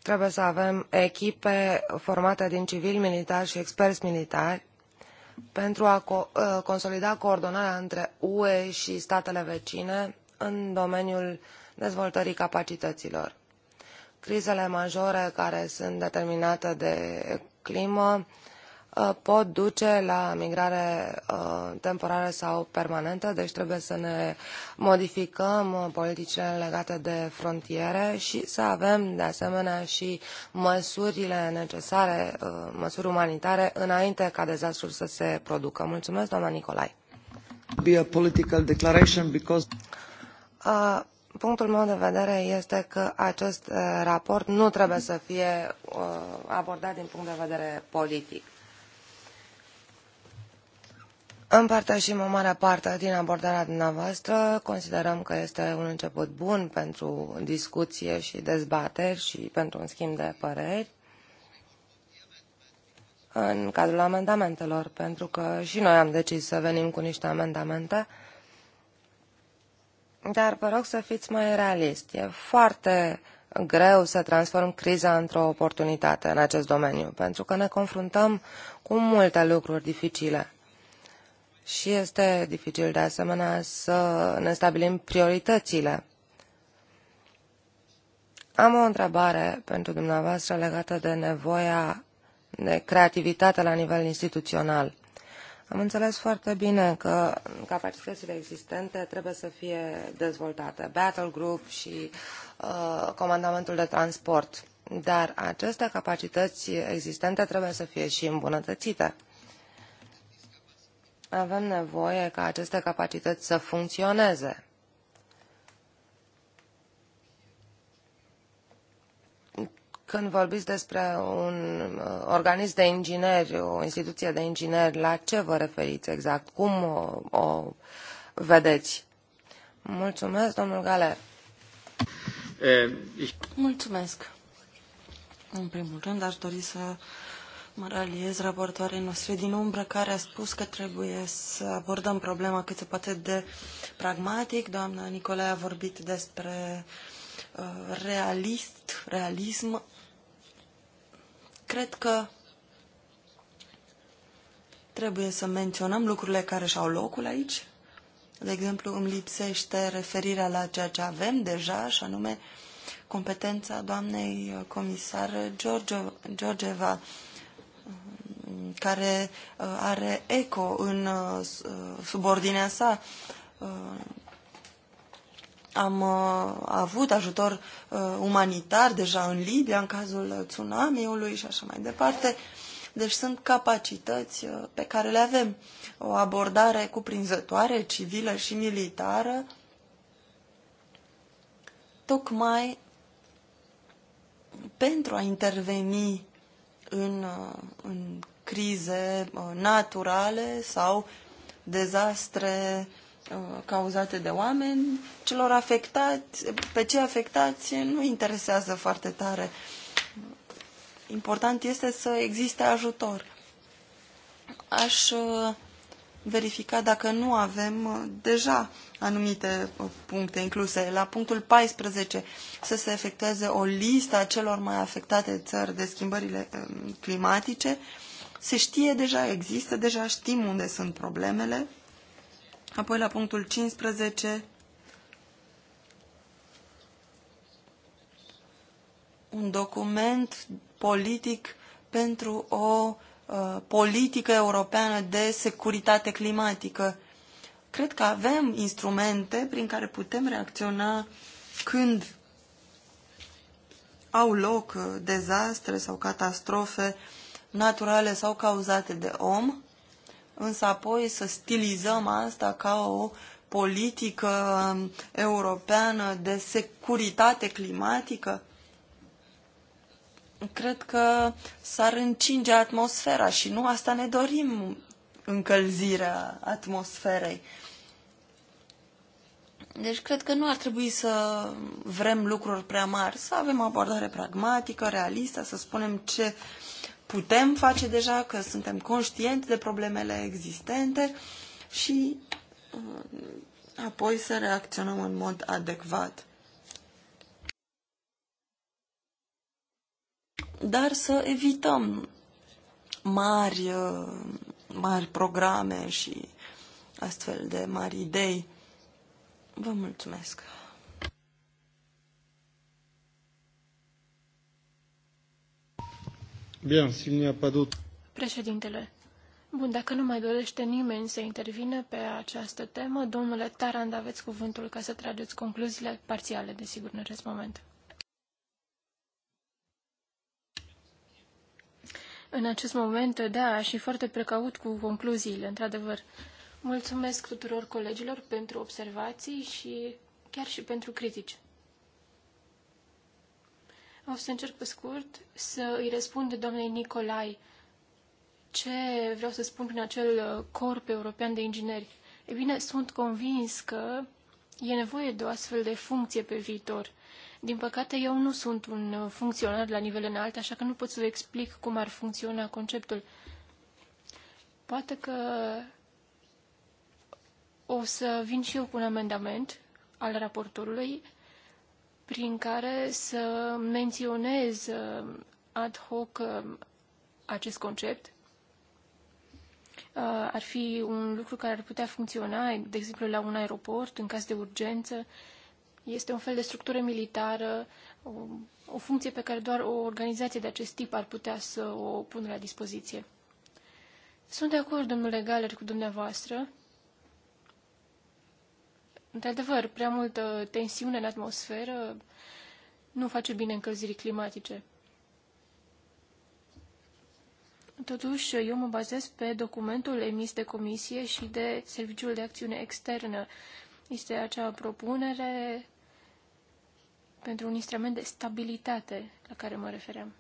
Trebuie să avem echipe formate din civili militari și experți militari pentru a ă, consolida coordonarea între UE și statele vecine în domeniul dezvoltării capacităților. Crizele majore care sunt determinate de climă Uh, pot duce la migrare uh, temporară sau permanentă, deci trebuie să ne modificăm uh, politicile legate de frontiere și să avem de asemenea și măsurile necesare, măsuri umanitare, înainte ca dezastrul să se producă. Mulțumesc, doamna Nicolai. Be a political declaration because... Uh, punctul meu de vedere este că acest raport nu trebuie să fie abordat din punct de vedere politic Împărtășim o mare parte din abordarea dumneavoastră. Considerăm că este un început bun pentru discuție și dezbateri și pentru un schimb de păreri în cadrul amendamentelor, pentru că și noi am decis să venim cu niște amendamente. Dar vă rog să fiți mai realist. E foarte greu să transform criza într-o oportunitate în acest domeniu, pentru că ne confruntăm cu multe lucruri dificile și este dificil de asemenea să ne stabilim prioritățile. Am o întrebare pentru dumneavoastră legată de nevoia de creativitate la nivel instituțional. Am înțeles foarte bine că capacitățile existente trebuie să fie dezvoltate, battle group și uh, comandamentul de transport, dar aceste capacități existente trebuie să fie și îmbunătățite. Avem nevoie ca aceste capacități să funcționeze. Când vorbiți despre un uh, organism de ingineri, o instituție de ingineri, la ce vă referiți exact? Cum o, o vedeți? Mulțumesc, domnul Galer. Eh, Mulțumesc. În primul rând, aș dori să Mă raliez raportoarei noastre din umbră care a spus că trebuie să abordăm problema cât se poate de pragmatic. Doamna Nicolae a vorbit despre uh, realist, realism. Cred că trebuie să menționăm lucrurile care și-au locul aici. De exemplu, îmi lipsește referirea la ceea ce avem deja, și anume competența doamnei comisar George, Georgeva care uh, are eco în uh, uh, subordinea sa. Am avut ajutor umanitar deja în Libia, în cazul tsunamiului și așa mai departe. Deci sunt capacități pe care le avem. O abordare cuprinzătoare, civilă și militară, tocmai pentru a interveni în, uh, în crize uh, naturale sau dezastre uh, cauzate de oameni, celor afectați, pe cei afectați nu interesează foarte tare. Important este să existe ajutor. Aș verifica dacă nu avem uh, deja anumite uh, puncte incluse. La punctul 14 să se efectueze o listă a celor mai afectate țări de schimbările um, climatice. Se știe deja, există deja, știm unde sunt problemele. Apoi la punctul 15 un document politic pentru o uh, Uh, politică europeană de securitate climatică. Cred că avem instrumente prin care putem reacționa când au loc uh, dezastre sau catastrofe naturale sau cauzate de om, însă apoi să stilizăm asta ca o politică um, europeană de securitate climatică cred că s-ar încinge atmosfera și nu asta ne dorim, încălzirea atmosferei. Deci cred că nu ar trebui să vrem lucruri prea mari, să avem o abordare pragmatică, realistă, să spunem ce putem face deja, că suntem conștienți de problemele existente și uh, apoi să reacționăm în mod adecvat. dar să evităm mari, uh, mari programe și astfel de mari idei. Vă mulțumesc! Bien, s'il n'y a pas d'autres. Președintele, bun, dacă nu mai dorește nimeni să intervină pe această temă, domnule Tarand, aveți cuvântul ca să trageți concluziile parțiale, desigur, în acest moment. în acest moment, da, și foarte precaut cu concluziile, într-adevăr. Mulțumesc tuturor colegilor pentru observații și chiar și pentru critici. O să încerc pe scurt să îi răspund doamnei Nicolai ce vreau să spun prin acel corp european de ingineri. E bine, sunt convins că e nevoie de o astfel de funcție pe viitor. Din păcate, eu nu sunt un uh, funcționar la nivel înalt, așa că nu pot să vă explic cum ar funcționa conceptul. Poate că o să vin și eu cu un amendament al raportorului prin care să menționez uh, ad hoc uh, acest concept. Ar fi un lucru care ar putea funcționa, de exemplu, la un aeroport, în caz de urgență, este un fel de structură militară, o, o funcție pe care doar o organizație de acest tip ar putea să o pună la dispoziție. Sunt de acord, domnule Galer, cu dumneavoastră. Într-adevăr, prea multă tensiune în atmosferă nu face bine încălzirii climatice. Totuși, eu mă bazez pe documentul emis de comisie și de Serviciul de Acțiune Externă. Este acea propunere pentru un instrument de stabilitate la care mă refeream.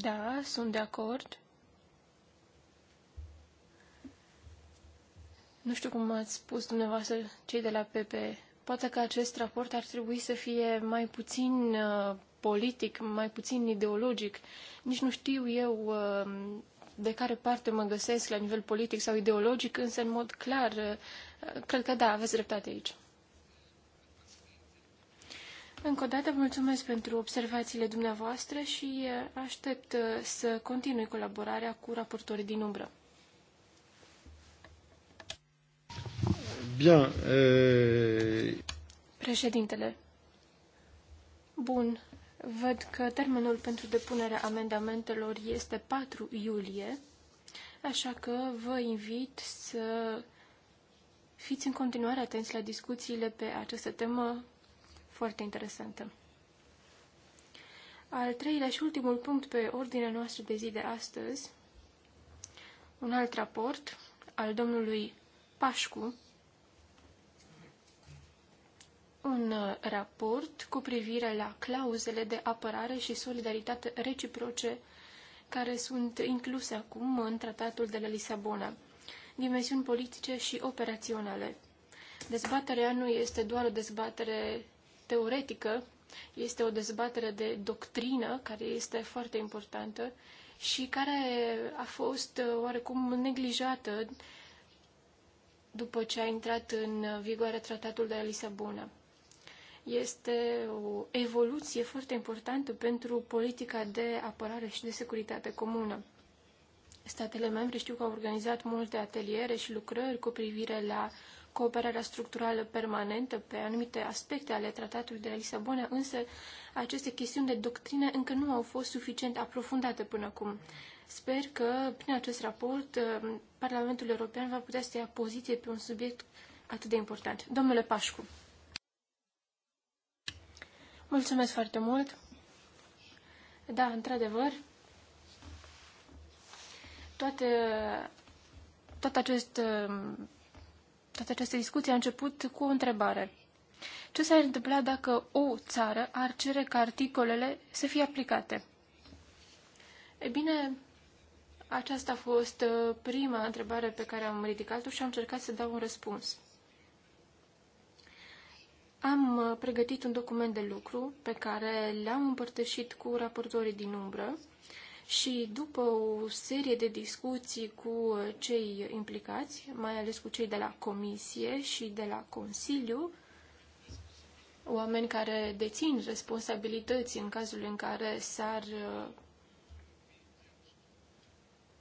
Da, sunt de acord. Nu știu cum ați spus dumneavoastră cei de la PP. Poate că acest raport ar trebui să fie mai puțin uh, politic, mai puțin ideologic. Nici nu știu eu uh, de care parte mă găsesc la nivel politic sau ideologic, însă în mod clar, uh, cred că da, aveți dreptate aici. Încă o dată mulțumesc pentru observațiile dumneavoastră și uh, aștept uh, să continui colaborarea cu raportorii din umbră. Bien. Euh... Președintele. Bun. Văd că termenul pentru depunerea amendamentelor este 4 iulie, așa că vă invit să fiți în continuare atenți la discuțiile pe această temă foarte interesantă. Al treilea și ultimul punct pe ordinea noastră de zi de astăzi, un alt raport al domnului Pașcu, un uh, raport cu privire la clauzele de apărare și solidaritate reciproce care sunt incluse acum în Tratatul de la Lisabona, dimensiuni politice și operaționale. Dezbaterea nu este doar o dezbatere teoretică, este o dezbatere de doctrină care este foarte importantă și care a fost uh, oarecum neglijată după ce a intrat în vigoare tratatul de la Lisabona este o evoluție foarte importantă pentru politica de apărare și de securitate comună. Statele membre știu că au organizat multe ateliere și lucrări cu privire la cooperarea structurală permanentă pe anumite aspecte ale Tratatului de la Lisabona, însă aceste chestiuni de doctrină încă nu au fost suficient aprofundate până acum. Sper că prin acest raport uh, Parlamentul European va putea să ia poziție pe un subiect atât de important. Domnule Pașcu. Mulțumesc foarte mult! Da, într-adevăr, toate, tot acest, toată această discuție a început cu o întrebare. Ce s-ar întâmpla dacă o țară ar cere ca articolele să fie aplicate? E bine, aceasta a fost uh, prima întrebare pe care am ridicat-o și am încercat să dau un răspuns. Am uh, pregătit un document de lucru pe care l-am împărtășit cu raportorii din umbră și după o serie de discuții cu uh, cei implicați, mai ales cu cei de la Comisie și de la Consiliu, oameni care dețin responsabilități în cazul în care s-ar uh,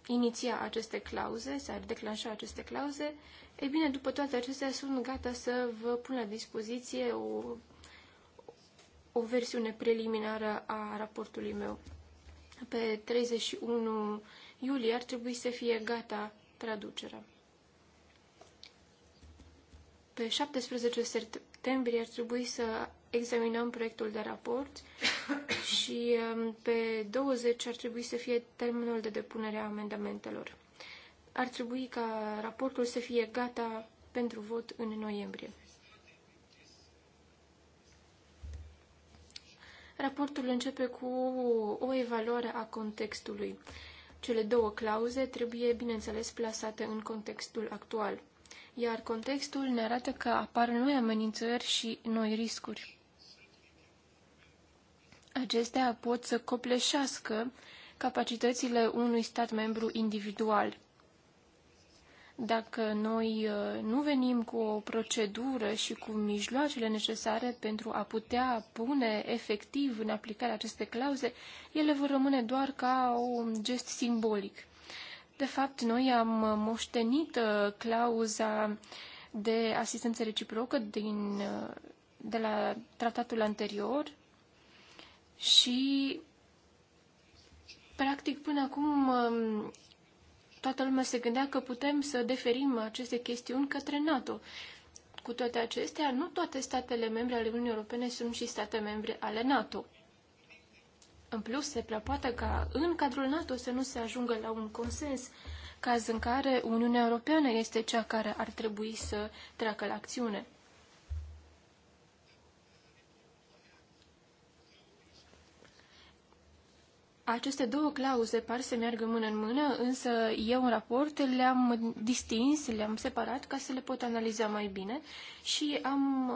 iniția aceste clauze, s-ar declanșa aceste clauze, ei bine, după toate acestea, sunt gata să vă pun la dispoziție o, o versiune preliminară a raportului meu. Pe 31 iulie ar trebui să fie gata traducerea. Pe 17 septembrie ar trebui să examinăm proiectul de raport și um, pe 20 ar trebui să fie termenul de depunere a amendamentelor ar trebui ca raportul să fie gata pentru vot în noiembrie. Raportul începe cu o evaluare a contextului. Cele două clauze trebuie, bineînțeles, plasate în contextul actual, iar contextul ne arată că apar noi amenințări și noi riscuri. Acestea pot să copleșească capacitățile unui stat membru individual dacă noi uh, nu venim cu o procedură și cu mijloacele necesare pentru a putea pune efectiv în aplicare aceste clauze, ele vor rămâne doar ca un gest simbolic. De fapt, noi am moștenit uh, clauza de asistență reciprocă din, uh, de la tratatul anterior și, practic, până acum um, toată lumea se gândea că putem să deferim aceste chestiuni către NATO. Cu toate acestea, nu toate statele membre ale Uniunii Europene sunt și state membre ale NATO. În plus, se prea poate ca în cadrul NATO să nu se ajungă la un consens, caz în care Uniunea Europeană este cea care ar trebui să treacă la acțiune. Aceste două clauze par să meargă mână în mână, însă eu în raport le-am distins, le-am separat ca să le pot analiza mai bine și am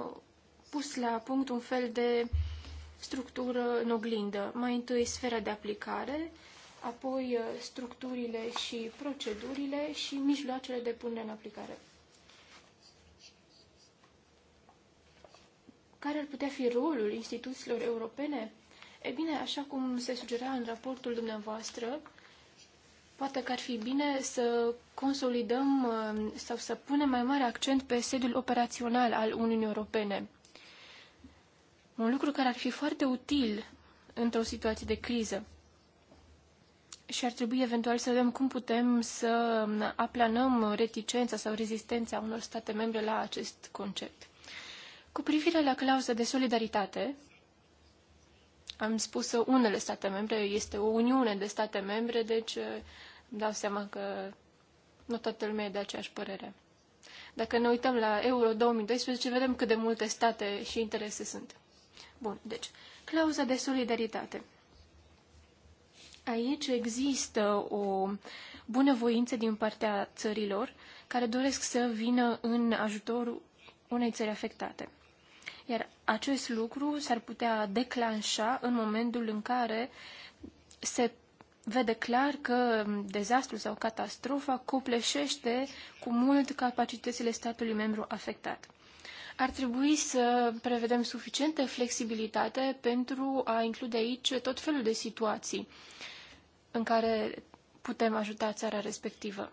pus la punct un fel de structură în oglindă. Mai întâi sfera de aplicare, apoi structurile și procedurile și mijloacele de punere în aplicare. Care ar putea fi rolul instituțiilor europene E bine, așa cum se sugera în raportul dumneavoastră, poate că ar fi bine să consolidăm uh, sau să punem mai mare accent pe sediul operațional al Uniunii Europene. Un lucru care ar fi foarte util într-o situație de criză. Și ar trebui eventual să vedem cum putem să um, aplanăm reticența sau rezistența unor state membre la acest concept. Cu privire la clauza de solidaritate, am spus unele state membre, este o uniune de state membre, deci uh, îmi dau seama că nu toată lumea e de aceeași părere. Dacă ne uităm la Euro 2012, vedem cât de multe state și interese sunt. Bun, deci, clauza de solidaritate. Aici există o bunăvoință din partea țărilor care doresc să vină în ajutorul unei țări afectate. Iar acest lucru s-ar putea declanșa în momentul în care se vede clar că dezastrul sau catastrofa copleșește cu mult capacitățile statului membru afectat. Ar trebui să prevedem suficientă flexibilitate pentru a include aici tot felul de situații în care putem ajuta țara respectivă.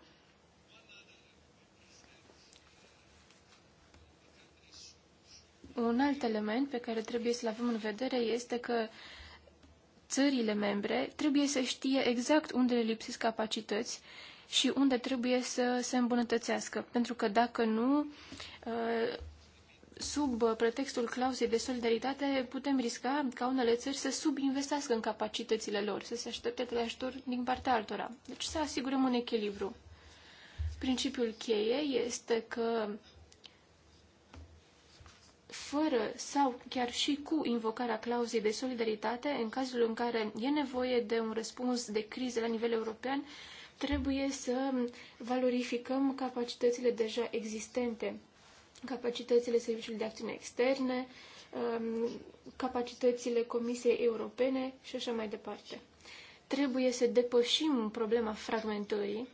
Un alt element pe care trebuie să-l avem în vedere este că țările membre trebuie să știe exact unde le lipsesc capacități și unde trebuie să se îmbunătățească. Pentru că dacă nu, uh, sub pretextul clauzei de solidaritate, putem risca ca unele țări să subinvestească în capacitățile lor, să se aștepte de ajutor din partea altora. Deci să asigurăm un echilibru. Principiul cheie este că fără sau chiar și cu invocarea clauzei de solidaritate, în cazul în care e nevoie de un răspuns de criză la nivel european, trebuie să valorificăm capacitățile deja existente, capacitățile Serviciului de Acțiune Externe, um, capacitățile Comisiei Europene și așa mai departe. Trebuie să depășim problema fragmentării,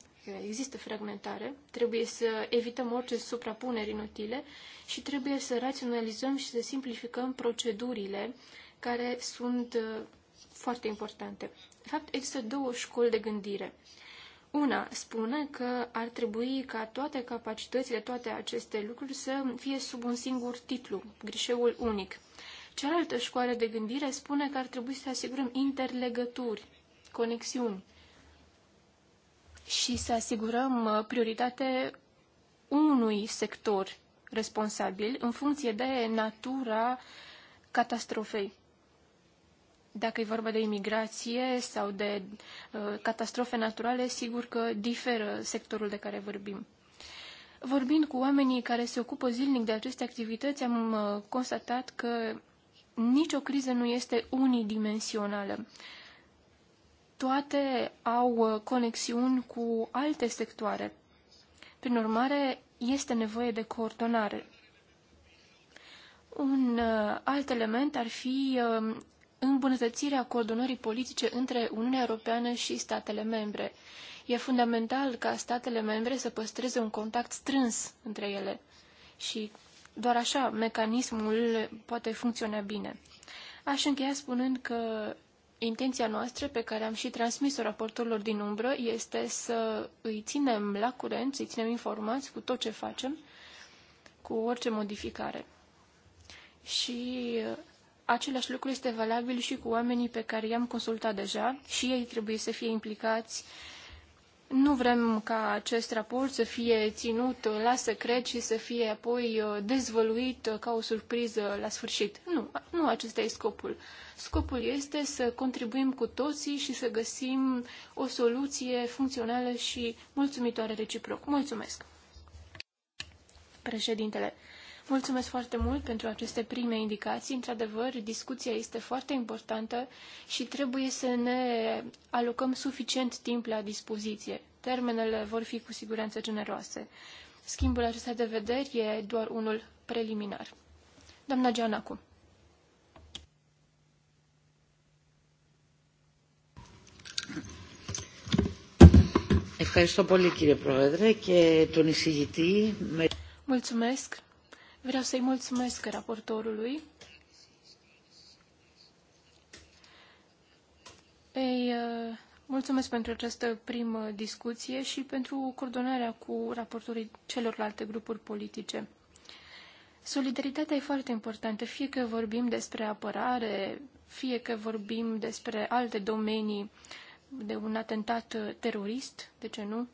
există fragmentare, trebuie să evităm orice suprapuneri inutile și trebuie să raționalizăm și să simplificăm procedurile care sunt uh, foarte importante. De fapt, există două școli de gândire. Una spune că ar trebui ca toate capacitățile, toate aceste lucruri să fie sub un singur titlu, grișeul unic. Cealaltă școală de gândire spune că ar trebui să asigurăm interlegături, conexiuni și să asigurăm uh, prioritate unui sector responsabil în funcție de natura catastrofei. Dacă e vorba de imigrație sau de uh, catastrofe naturale, sigur că diferă sectorul de care vorbim. Vorbind cu oamenii care se ocupă zilnic de aceste activități, am uh, constatat că nicio criză nu este unidimensională. Uh, toate au uh, conexiuni cu alte sectoare. Prin urmare, este nevoie de coordonare. Un uh, alt element ar fi um, îmbunătățirea coordonării politice între Uniunea Europeană și statele membre. E fundamental ca statele membre să păstreze un contact strâns între ele și doar așa mecanismul poate funcționa bine. Aș încheia spunând că Intenția noastră, pe care am și transmis-o raportorilor din umbră, este să îi ținem la curent, să-i ținem informați cu tot ce facem, cu orice modificare. Și uh, același lucru este valabil și cu oamenii pe care i-am consultat deja. Și ei trebuie să fie implicați uh, nu vrem ca acest raport să fie ținut la secret și să fie apoi uh, dezvăluit ca o surpriză la sfârșit. Nu, nu acesta e scopul. Scopul este să contribuim cu toții și să găsim o soluție funcțională și mulțumitoare reciproc. Mulțumesc! Președintele, Mulțumesc foarte mult pentru aceste prime indicații. Într-adevăr, discuția este foarte importantă și trebuie să ne alocăm suficient timp la dispoziție. Termenele vor fi cu siguranță generoase. Schimbul acesta de vederi e doar unul preliminar. Doamna Gianacu. Ευχαριστώ πολύ κύριε Πρόεδρε και τον εισηγητή. Mulțumesc. Vreau să-i mulțumesc raportorului. Ei, uh, mulțumesc pentru această primă discuție și pentru coordonarea cu raportorii celorlalte grupuri politice. Solidaritatea e foarte importantă, fie că vorbim despre apărare, fie că vorbim despre alte domenii de un atentat terorist, de ce nu,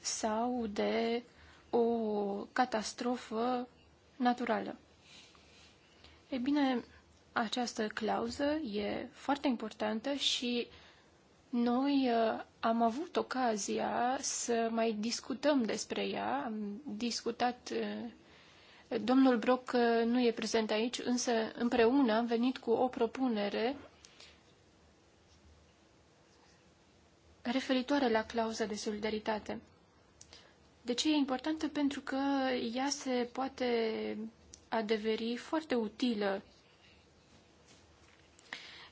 sau de o catastrofă naturală. Ei bine, această clauză e foarte importantă și noi uh, am avut ocazia să mai discutăm despre ea. Am discutat. Uh, domnul Broc uh, nu e prezent aici, însă împreună am venit cu o propunere referitoare la clauza de solidaritate. De ce e importantă? Pentru că ea se poate adeveri foarte utilă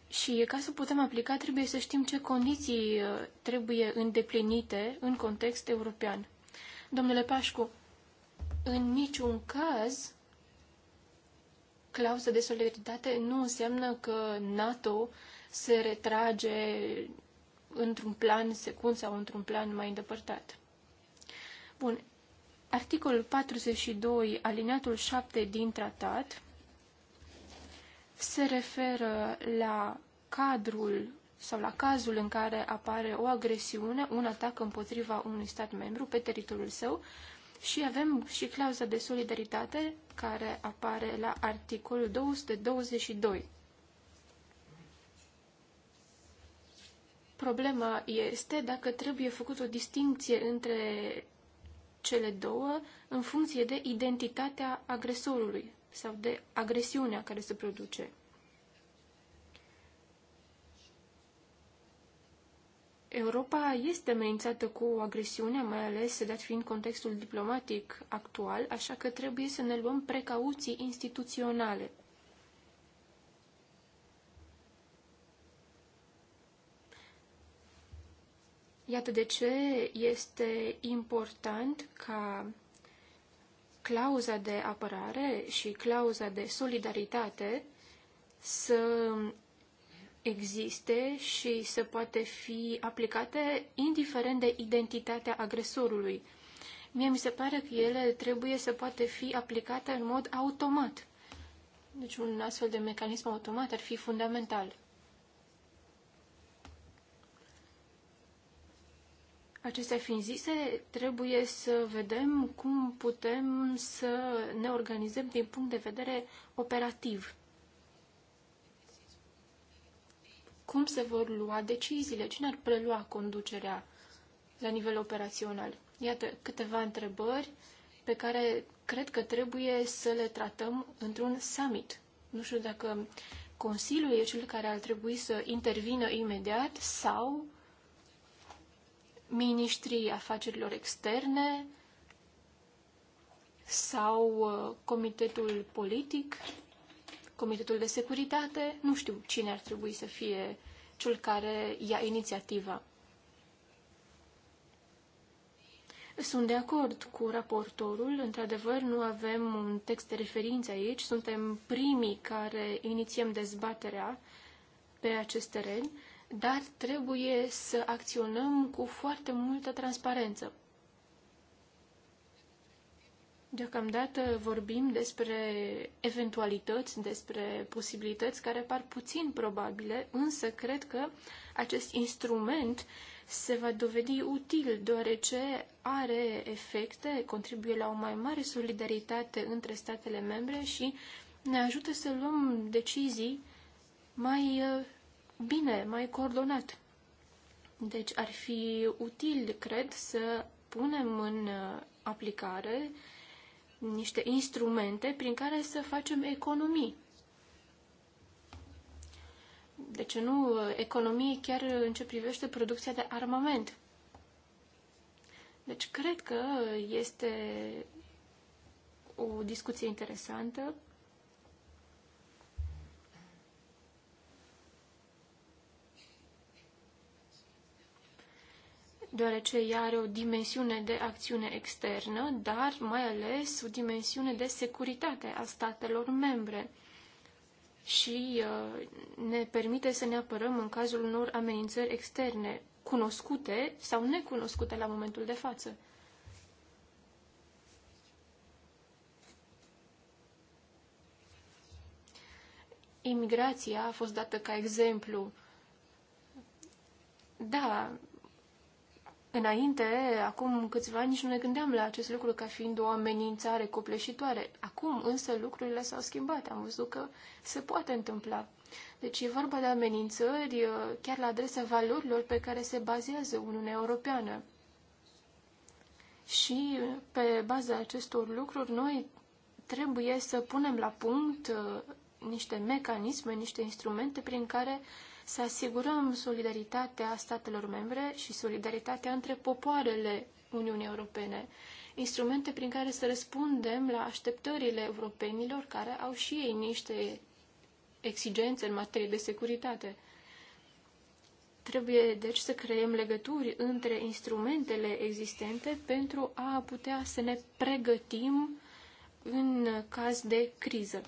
și ca să putem aplica, trebuie să știm ce condiții uh, trebuie îndeplinite în context european. Domnule Pașcu, în niciun caz, clauza de solidaritate nu înseamnă că NATO se retrage într-un plan secund sau într-un plan mai îndepărtat. Bun. Articolul 42, alineatul 7 din tratat, se referă la cadrul sau la cazul în care apare o agresiune, un atac împotriva unui stat membru pe teritoriul său și avem și clauza de solidaritate care apare la articolul 222. Problema este dacă trebuie făcut o distinție între cele două în funcție de identitatea agresorului sau de agresiunea care se produce. Europa este amenințată cu agresiune, mai ales dat fiind contextul diplomatic actual, așa că trebuie să ne luăm precauții instituționale – Iată de ce este important ca clauza de apărare și clauza de solidaritate să existe și să poate fi aplicate indiferent de identitatea agresorului. Mie mi se pare că ele trebuie să poate fi aplicate în mod automat. Deci un astfel de mecanism automat ar fi fundamental. Acestea fiind zise, trebuie să vedem cum putem să ne organizăm din punct de vedere operativ. Cum se vor lua deciziile? Cine ar prelua conducerea la nivel operațional? Iată câteva întrebări pe care cred că trebuie să le tratăm într-un summit. Nu știu dacă Consiliul e cel care ar trebui să intervină imediat sau ministrii afacerilor externe sau uh, comitetul politic, comitetul de securitate, nu știu cine ar trebui să fie cel care ia inițiativa. Sunt de acord cu raportorul. Într-adevăr, nu avem un text de referință aici. Suntem primii care inițiem dezbaterea pe acest teren dar trebuie să acționăm cu foarte multă transparență. Deocamdată vorbim despre eventualități, despre posibilități care par puțin probabile, însă cred că acest instrument se va dovedi util, deoarece are efecte, contribuie la o mai mare solidaritate între statele membre și ne ajută să luăm decizii mai uh, bine, mai coordonat. Deci ar fi util, cred, să punem în uh, aplicare niște instrumente prin care să facem economii. Deci nu uh, economii chiar în ce privește producția de armament. Deci cred că este o discuție interesantă deoarece ea are o dimensiune de acțiune externă, dar mai ales o dimensiune de securitate a statelor membre și uh, ne permite să ne apărăm în cazul unor amenințări externe, cunoscute sau necunoscute la momentul de față. Imigrația a fost dată ca exemplu. Da, Înainte, acum câțiva ani, nici nu ne gândeam la acest lucru ca fiind o amenințare copleșitoare. Acum însă lucrurile s-au schimbat, am văzut că se poate întâmpla. Deci e vorba de amenințări uh, chiar la adresa valorilor pe care se bazează Uniunea Europeană. Și pe baza acestor lucruri, noi trebuie să punem la punct uh, niște mecanisme, niște instrumente prin care uh, să asigurăm solidaritatea statelor membre și solidaritatea între popoarele Uniunii Europene, instrumente prin care să răspundem la așteptările europenilor care au și ei niște exigențe în materie de securitate. Trebuie, deci, să creăm legături între instrumentele existente pentru a putea să ne pregătim în caz de criză.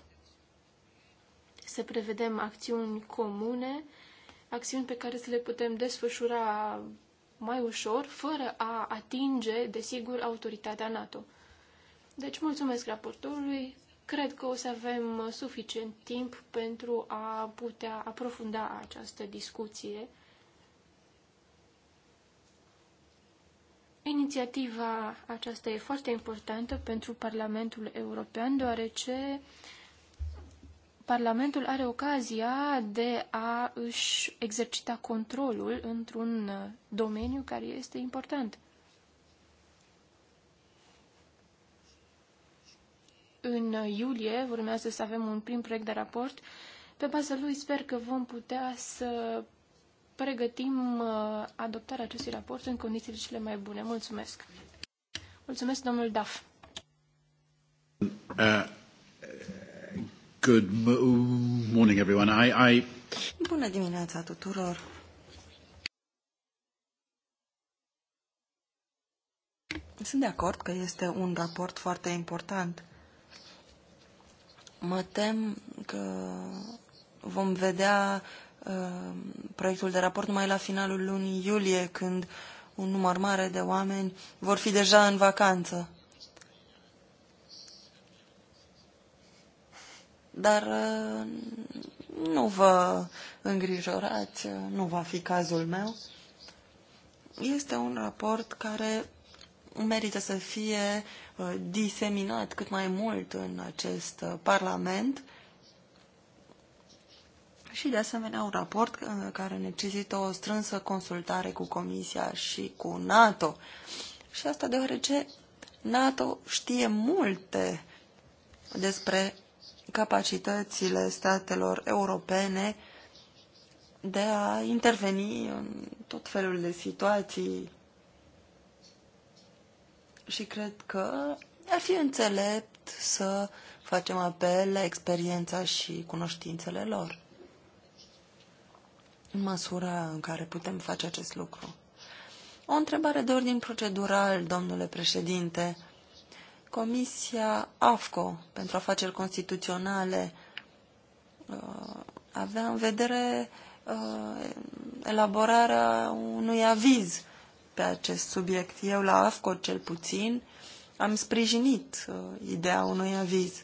Să prevedem acțiuni comune acțiuni pe care să le putem desfășura mai ușor, fără a atinge, desigur, autoritatea NATO. Deci mulțumesc raportorului. Cred că o să avem suficient timp pentru a putea aprofunda această discuție. Inițiativa aceasta e foarte importantă pentru Parlamentul European, deoarece uh, Parlamentul are ocazia de a își exercita controlul într-un uh, domeniu care este important. În uh, iulie urmează să avem un prim proiect de raport. Pe baza lui sper că vom putea să pregătim uh, adoptarea acestui raport în condițiile cele mai bune. Mulțumesc! Mulțumesc, domnul Daf! Uh. Good morning, everyone. I, I... Bună dimineața tuturor! Sunt de acord că este un raport foarte important. Mă tem că vom vedea uh, proiectul de raport numai la finalul lunii iulie, când un număr mare de oameni vor fi deja în vacanță. Dar uh, nu vă îngrijorați, uh, nu va fi cazul meu. Este un raport care merită să fie uh, diseminat cât mai mult în acest Parlament și de asemenea un raport care necesită o strânsă consultare cu Comisia și cu NATO. Și asta deoarece NATO știe multe despre capacitățile statelor europene de a interveni în tot felul de situații și cred că ar fi înțelept să facem apel la experiența și cunoștințele lor în măsura în care putem face acest lucru. O întrebare de ordin procedural, domnule președinte. Comisia AFCO pentru afaceri constituționale uh, avea în vedere uh, elaborarea unui aviz pe acest subiect. Eu la AFCO cel puțin am sprijinit uh, ideea unui aviz.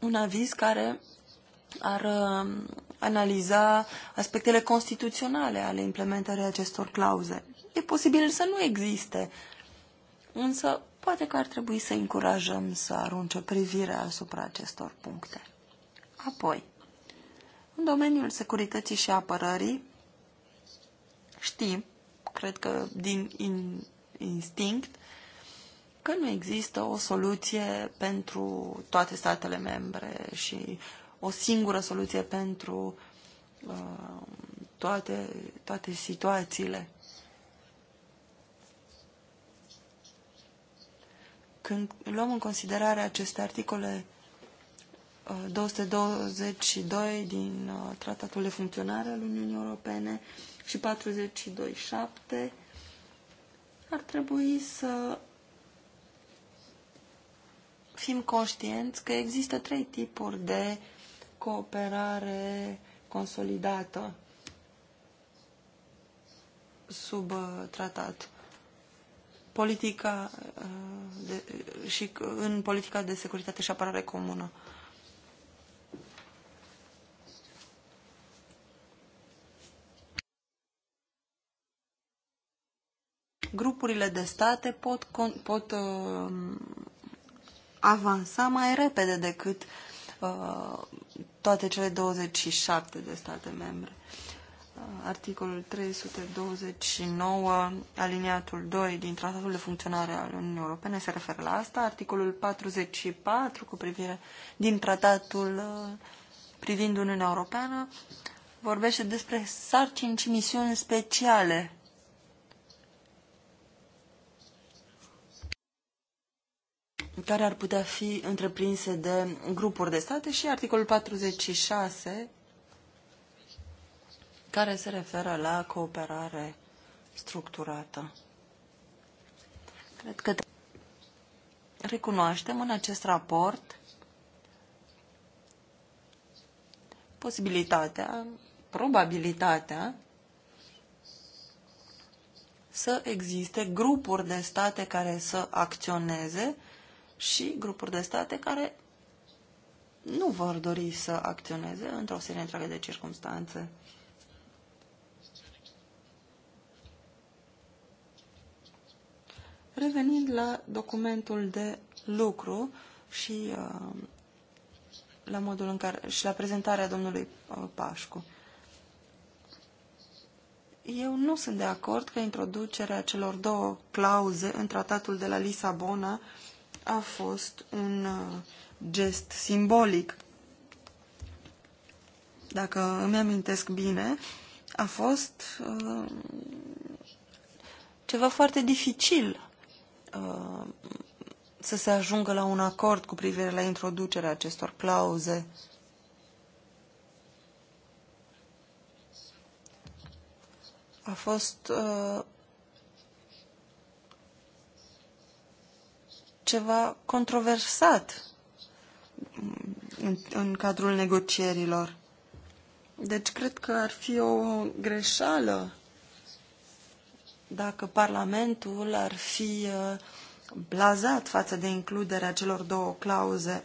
Un aviz care ar analiza aspectele constituționale ale implementării acestor clauze e posibil să nu existe. Însă, poate că ar trebui să încurajăm să arunce privirea asupra acestor puncte. Apoi, în domeniul securității și apărării, știm, cred că din in, instinct, că nu există o soluție pentru toate statele membre și o singură soluție pentru uh, toate, toate situațiile. Când luăm în considerare aceste articole 222 uh, din uh, Tratatul de Funcționare al Uniunii Europene și 42.7, ar trebui să fim conștienți că există trei tipuri de cooperare consolidată sub uh, tratat politica uh, de, și în politica de securitate și apărare comună. Grupurile de state pot, pot uh, avansa mai repede decât uh, toate cele 27 de state membre. Uh, articolul 329, aliniatul 2 din Tratatul de Funcționare al Uniunii Europene se referă la asta, articolul 44 cu privire din Tratatul uh, privind Uniunea Europeană vorbește despre sarcini și misiuni speciale. care ar putea fi întreprinse de grupuri de state și articolul 46 care se referă la cooperare structurată. Cred că recunoaștem în acest raport posibilitatea, probabilitatea să existe grupuri de state care să acționeze și grupuri de state care nu vor dori să acționeze într-o serie întreagă de circunstanțe. Revenind la documentul de lucru și uh, la modul în care și la prezentarea domnului uh, Pașcu. Eu nu sunt de acord că introducerea celor două clauze în tratatul de la Lisabona a fost un uh, gest simbolic. Dacă îmi amintesc bine, a fost uh, ceva foarte dificil Uh, să se ajungă la un acord cu privire la introducerea acestor clauze. A fost uh, ceva controversat în, în cadrul negocierilor. Deci cred că ar fi o greșeală dacă Parlamentul ar fi uh, blazat față de includerea celor două clauze.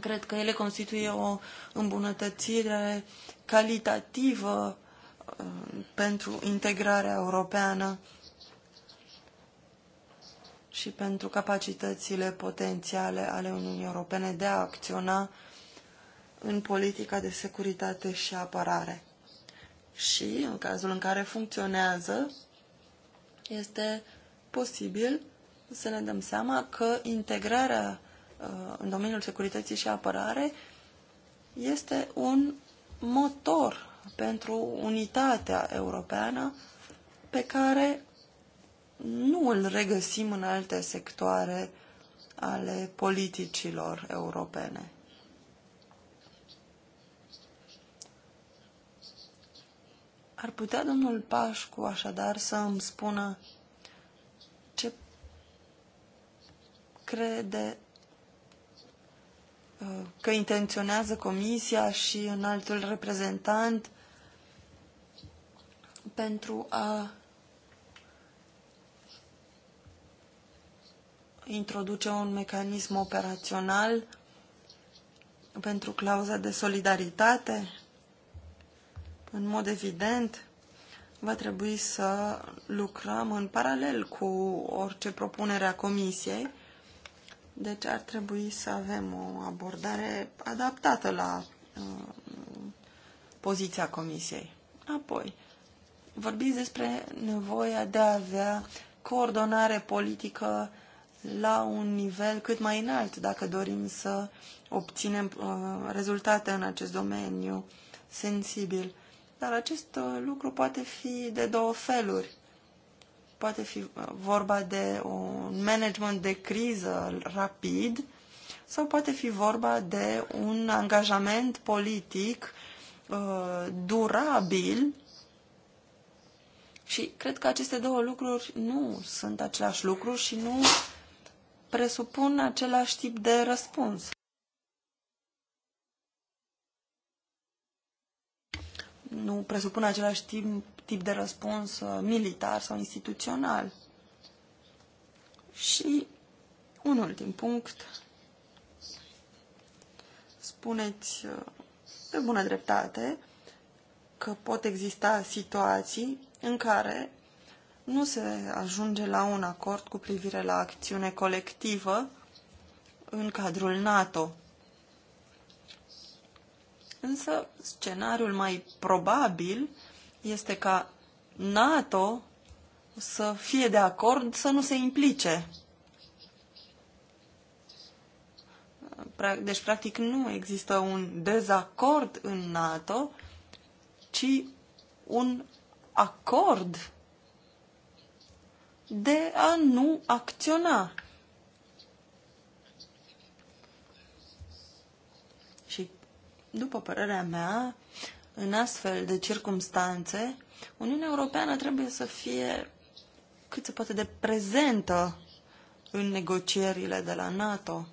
Cred că ele constituie o îmbunătățire calitativă uh, pentru integrarea europeană și pentru capacitățile potențiale ale Uniunii Europene de a acționa în politica de securitate și apărare. Și, în cazul în care funcționează, este posibil să ne dăm seama că integrarea uh, în domeniul securității și apărare este un motor pentru unitatea europeană pe care nu îl regăsim în alte sectoare ale politicilor europene. Ar putea domnul Pașcu așadar să îmi spună ce crede uh, că intenționează Comisia și în altul reprezentant pentru a introduce un mecanism operațional pentru clauza de solidaritate în mod evident, va trebui să lucrăm în paralel cu orice propunere a Comisiei, deci ar trebui să avem o abordare adaptată la uh, poziția Comisiei. Apoi, vorbiți despre nevoia de a avea coordonare politică la un nivel cât mai înalt, dacă dorim să obținem uh, rezultate în acest domeniu sensibil. Dar acest uh, lucru poate fi de două feluri. Poate fi uh, vorba de un management de criză rapid sau poate fi vorba de un angajament politic uh, durabil și cred că aceste două lucruri nu sunt același lucru și nu presupun același tip de răspuns. nu presupune același timp, tip de răspuns uh, militar sau instituțional. Și un ultim punct. Spuneți uh, pe bună dreptate că pot exista situații în care nu se ajunge la un acord cu privire la acțiune colectivă în cadrul NATO. Însă, scenariul mai probabil este ca NATO să fie de acord să nu se implice. Deci, practic, nu există un dezacord în NATO, ci un acord de a nu acționa. După părerea mea, în astfel de circumstanțe, Uniunea Europeană trebuie să fie cât se poate de prezentă în negocierile de la NATO.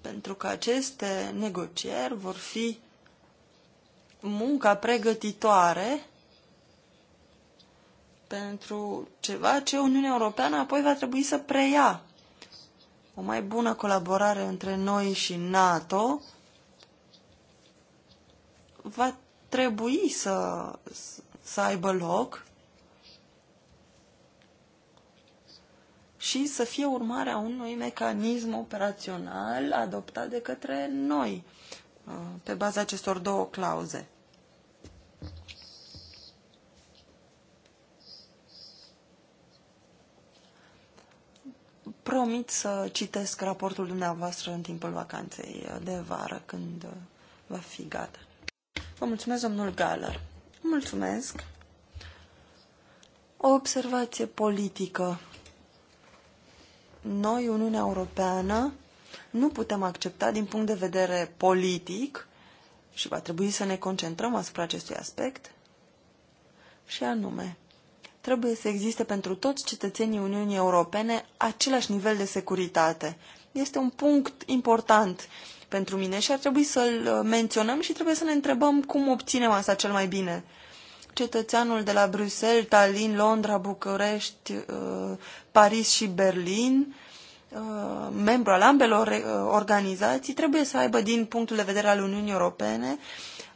Pentru că aceste negocieri vor fi munca pregătitoare pentru ceva ce Uniunea Europeană apoi va trebui să preia o mai bună colaborare între noi și NATO va trebui să, să aibă loc și să fie urmarea unui mecanism operațional adoptat de către noi uh, pe baza acestor două clauze. Promit să citesc raportul dumneavoastră în timpul vacanței de vară, când uh, va fi gata. Vă mulțumesc, domnul Galer. Mulțumesc. O observație politică. Noi, Uniunea Europeană, nu putem accepta din punct de vedere politic și va trebui să ne concentrăm asupra acestui aspect, și anume trebuie să existe pentru toți cetățenii Uniunii Europene același nivel de securitate. Este un punct important pentru mine și ar trebui să-l uh, menționăm și trebuie să ne întrebăm cum obținem asta cel mai bine. Cetățeanul de la Bruxelles, Tallinn, Londra, București, uh, Paris și Berlin, uh, membru al ambelor organizații, trebuie să aibă din punctul de vedere al Uniunii Europene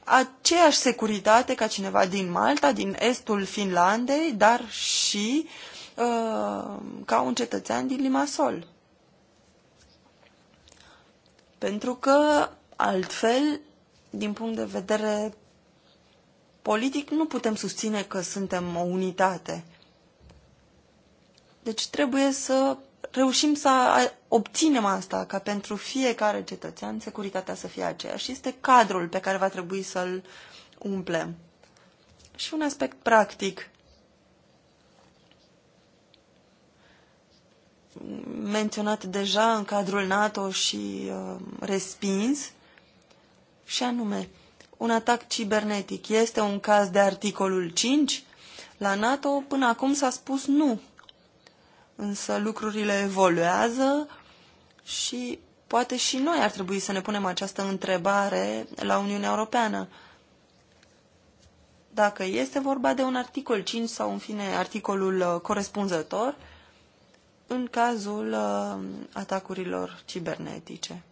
aceeași securitate ca cineva din Malta, din estul Finlandei, dar și uh, ca un cetățean din Limasol. Pentru că altfel, din punct de vedere politic, nu putem susține că suntem o unitate. Deci trebuie să reușim să obținem asta, ca pentru fiecare cetățean securitatea să fie aceeași. Este cadrul pe care va trebui să-l umplem. Și un aspect practic. menționat deja în cadrul NATO și uh, respins, și anume, un atac cibernetic este un caz de articolul 5? La NATO până acum s-a spus nu însă lucrurile evoluează și poate și noi ar trebui să ne punem această întrebare la Uniunea Europeană. Dacă este vorba de un articol 5 sau, în fine, articolul uh, corespunzător în cazul uh, atacurilor cibernetice.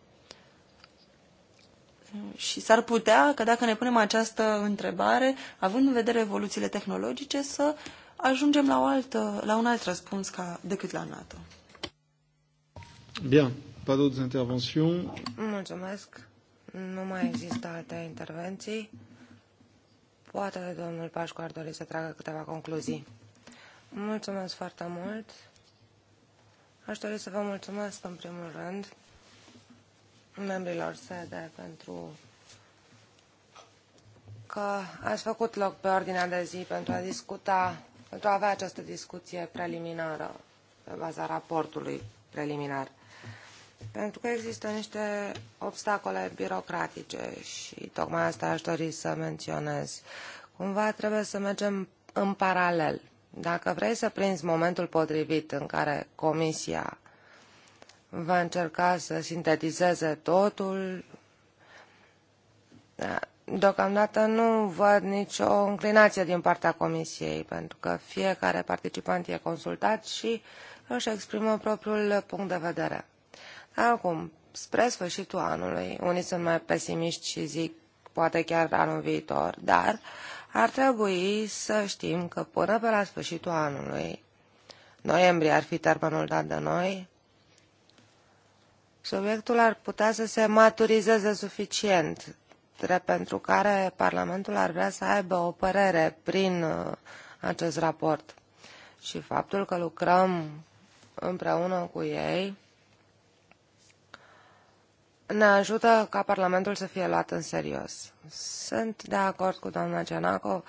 Și s-ar putea că dacă ne punem această întrebare, având în vedere evoluțiile tehnologice, să uh, ajungem la, o altă, la un alt răspuns ca, decât la NATO. Bien, pas d'autres interventions. Mulțumesc. Nu mai există alte intervenții. Poate domnul Pașcu ar dori să tragă câteva concluzii. Mulțumesc foarte mult. Aș dori să vă mulțumesc în primul rând membrilor sede pentru că ați făcut loc pe ordinea de zi pentru a discuta pentru a avea această discuție preliminară pe baza raportului preliminar. Pentru că există niște obstacole birocratice și tocmai asta aș dori să menționez. Cumva trebuie să mergem în paralel. Dacă vrei să prinzi momentul potrivit în care comisia va încerca să sintetizeze totul, da, Deocamdată nu văd nicio înclinație din partea Comisiei, pentru că fiecare participant e consultat și își exprimă propriul punct de vedere. Acum, spre sfârșitul anului, unii sunt mai pesimiști și zic poate chiar anul viitor, dar ar trebui să știm că până pe la sfârșitul anului, noiembrie ar fi termenul dat de noi, subiectul ar putea să se maturizeze suficient pentru care Parlamentul ar vrea să aibă o părere prin uh, acest raport. Și faptul că lucrăm împreună cu ei ne ajută ca Parlamentul să fie luat în serios. Sunt de acord cu doamna Cianaco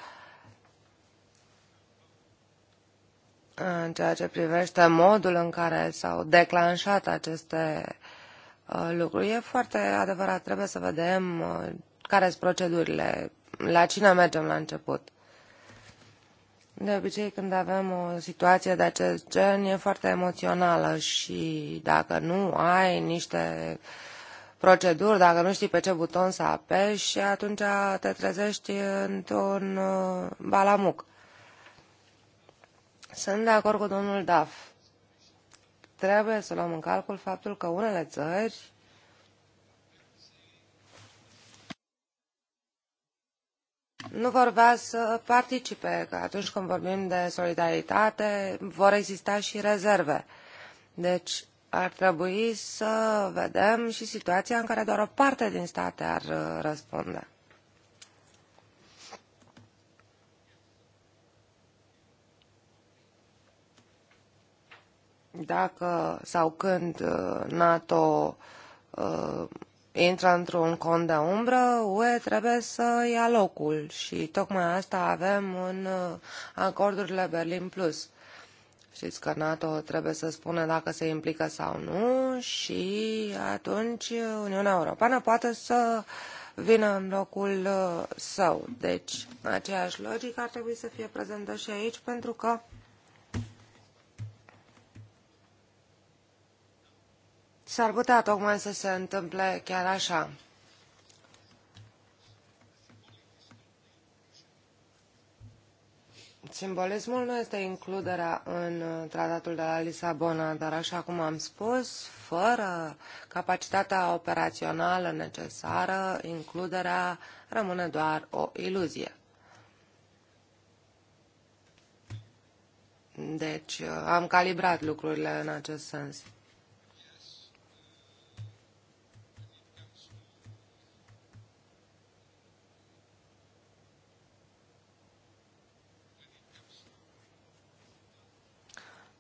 în ceea ce privește modul în care s-au declanșat aceste uh, lucruri. E foarte adevărat, trebuie să vedem uh, care sunt procedurile, la cine mergem la început. De obicei, când avem o situație de acest gen, e foarte emoțională și dacă nu ai niște proceduri, dacă nu știi pe ce buton să apeși, atunci te trezești într-un uh, balamuc. Sunt de acord cu domnul Daf. Trebuie să luăm în calcul faptul că unele țări nu vor vrea să participe, că atunci când vorbim de solidaritate vor exista și rezerve. Deci ar trebui să vedem și situația în care doar o parte din state ar uh, răspunde. Dacă sau când uh, NATO uh, intră într-un cont de umbră, UE trebuie să ia locul și tocmai asta avem în uh, acordurile Berlin Plus. Știți că NATO trebuie să spună dacă se implică sau nu și atunci Uniunea Europeană poate să vină în locul uh, său. Deci, aceeași logică ar trebui să fie prezentă și aici pentru că S-ar putea tocmai să se întâmple chiar așa. Simbolismul nu este includerea în uh, tratatul de la Lisabona, dar așa cum am spus, fără capacitatea operațională necesară, includerea rămâne doar o iluzie. Deci uh, am calibrat lucrurile în acest sens.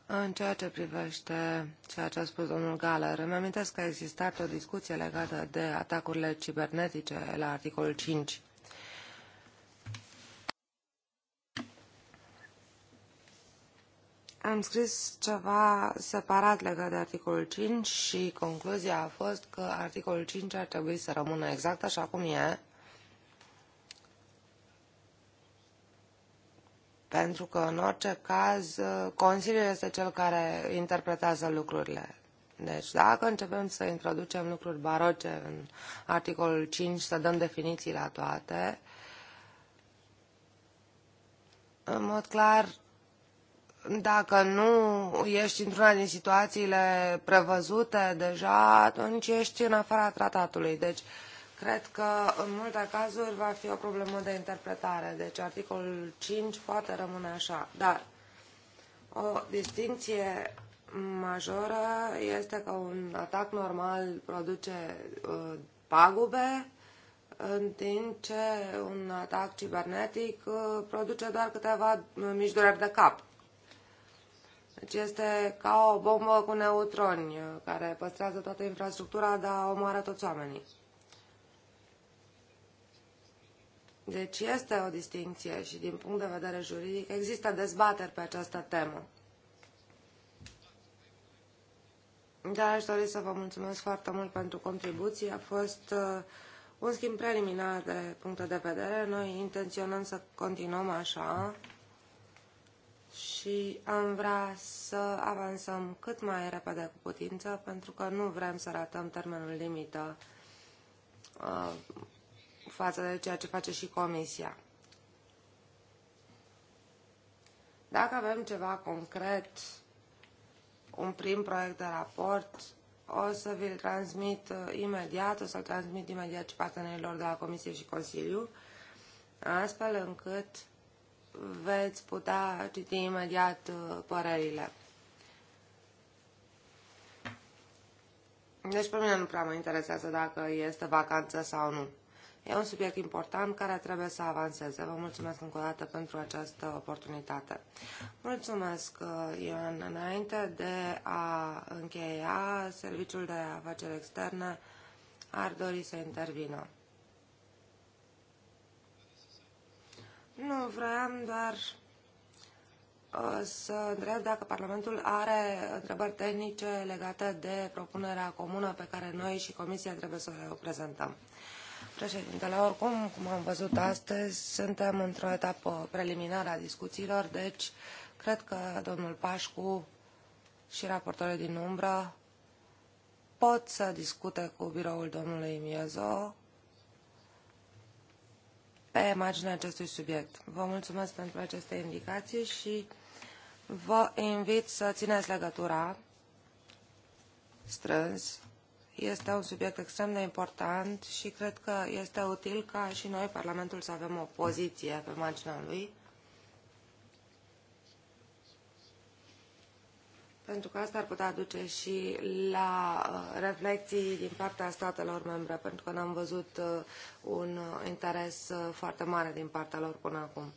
În ceea ce privește ceea ce a spus domnul Galer, îmi amintesc că a existat o discuție legată de atacurile cibernetice la articolul 5. Am scris ceva separat legat de articolul 5 și concluzia a fost că articolul 5 ar trebui să rămână exact așa cum e, Pentru că, în orice caz, Consiliul este cel care interpretează lucrurile. Deci, dacă începem să introducem lucruri baroce în articolul 5, să dăm definiții la toate, în mod clar, dacă nu ești într-una din situațiile prevăzute deja, atunci ești în afara tratatului. Deci, uh, Cred că în multe cazuri va fi o problemă de interpretare, deci articolul 5 poate rămâne așa, dar o distinție majoră este că un atac normal produce uh, pagube, în timp ce un atac cibernetic uh, produce doar câteva uh, mici dureri de cap. Deci este ca o bombă cu neutroni uh, care păstrează toată infrastructura, dar omoară toți oamenii. Deci este o distinție și din punct de vedere juridic există dezbateri pe această temă. Da, aș dori să vă mulțumesc foarte mult pentru contribuții. A fost uh, un schimb preliminar de puncte de vedere. Noi intenționăm să continuăm așa și am vrea să avansăm cât mai repede cu putință, pentru că nu vrem să ratăm termenul limită uh, față de ceea ce face și Comisia. Dacă avem ceva concret, un prim proiect de raport, o să vi-l transmit uh, imediat, o să-l transmit imediat și partenerilor de la Comisie și Consiliu, astfel încât veți putea citi imediat uh, părerile. Deci pe mine nu prea mă interesează dacă este vacanță sau nu. E un subiect important care trebuie să avanseze. Vă mulțumesc încă o dată pentru această oportunitate. Mulțumesc, uh, Ioan. Înainte de a încheia, Serviciul de Afaceri Externe ar dori să intervină. Nu, vreau doar uh, să întreb dacă Parlamentul are întrebări tehnice legate de propunerea comună pe care noi și Comisia trebuie să o prezentăm. Președintele, oricum, cum am văzut astăzi, suntem într-o etapă preliminară a discuțiilor, deci cred că domnul Pașcu și raportorul din umbră pot să discute cu biroul domnului Miezo pe marginea acestui subiect. Vă mulțumesc pentru aceste indicații și vă invit să țineți legătura strâns este un subiect extrem de important și cred că este util ca și noi, Parlamentul, să avem o poziție pe marginea lui. Pentru că asta ar putea duce și la uh, reflexii din partea statelor membre, pentru că n-am văzut uh, un uh, interes foarte mare din partea lor până acum.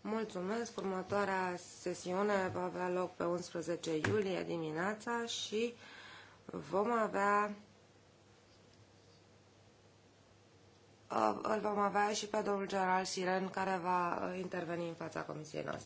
Mulțumesc! Următoarea sesiune va avea loc pe 11 iulie dimineața și vom avea Uh, îl vom avea și pe domnul general Siren, care va uh, interveni în fața comisiei noastre.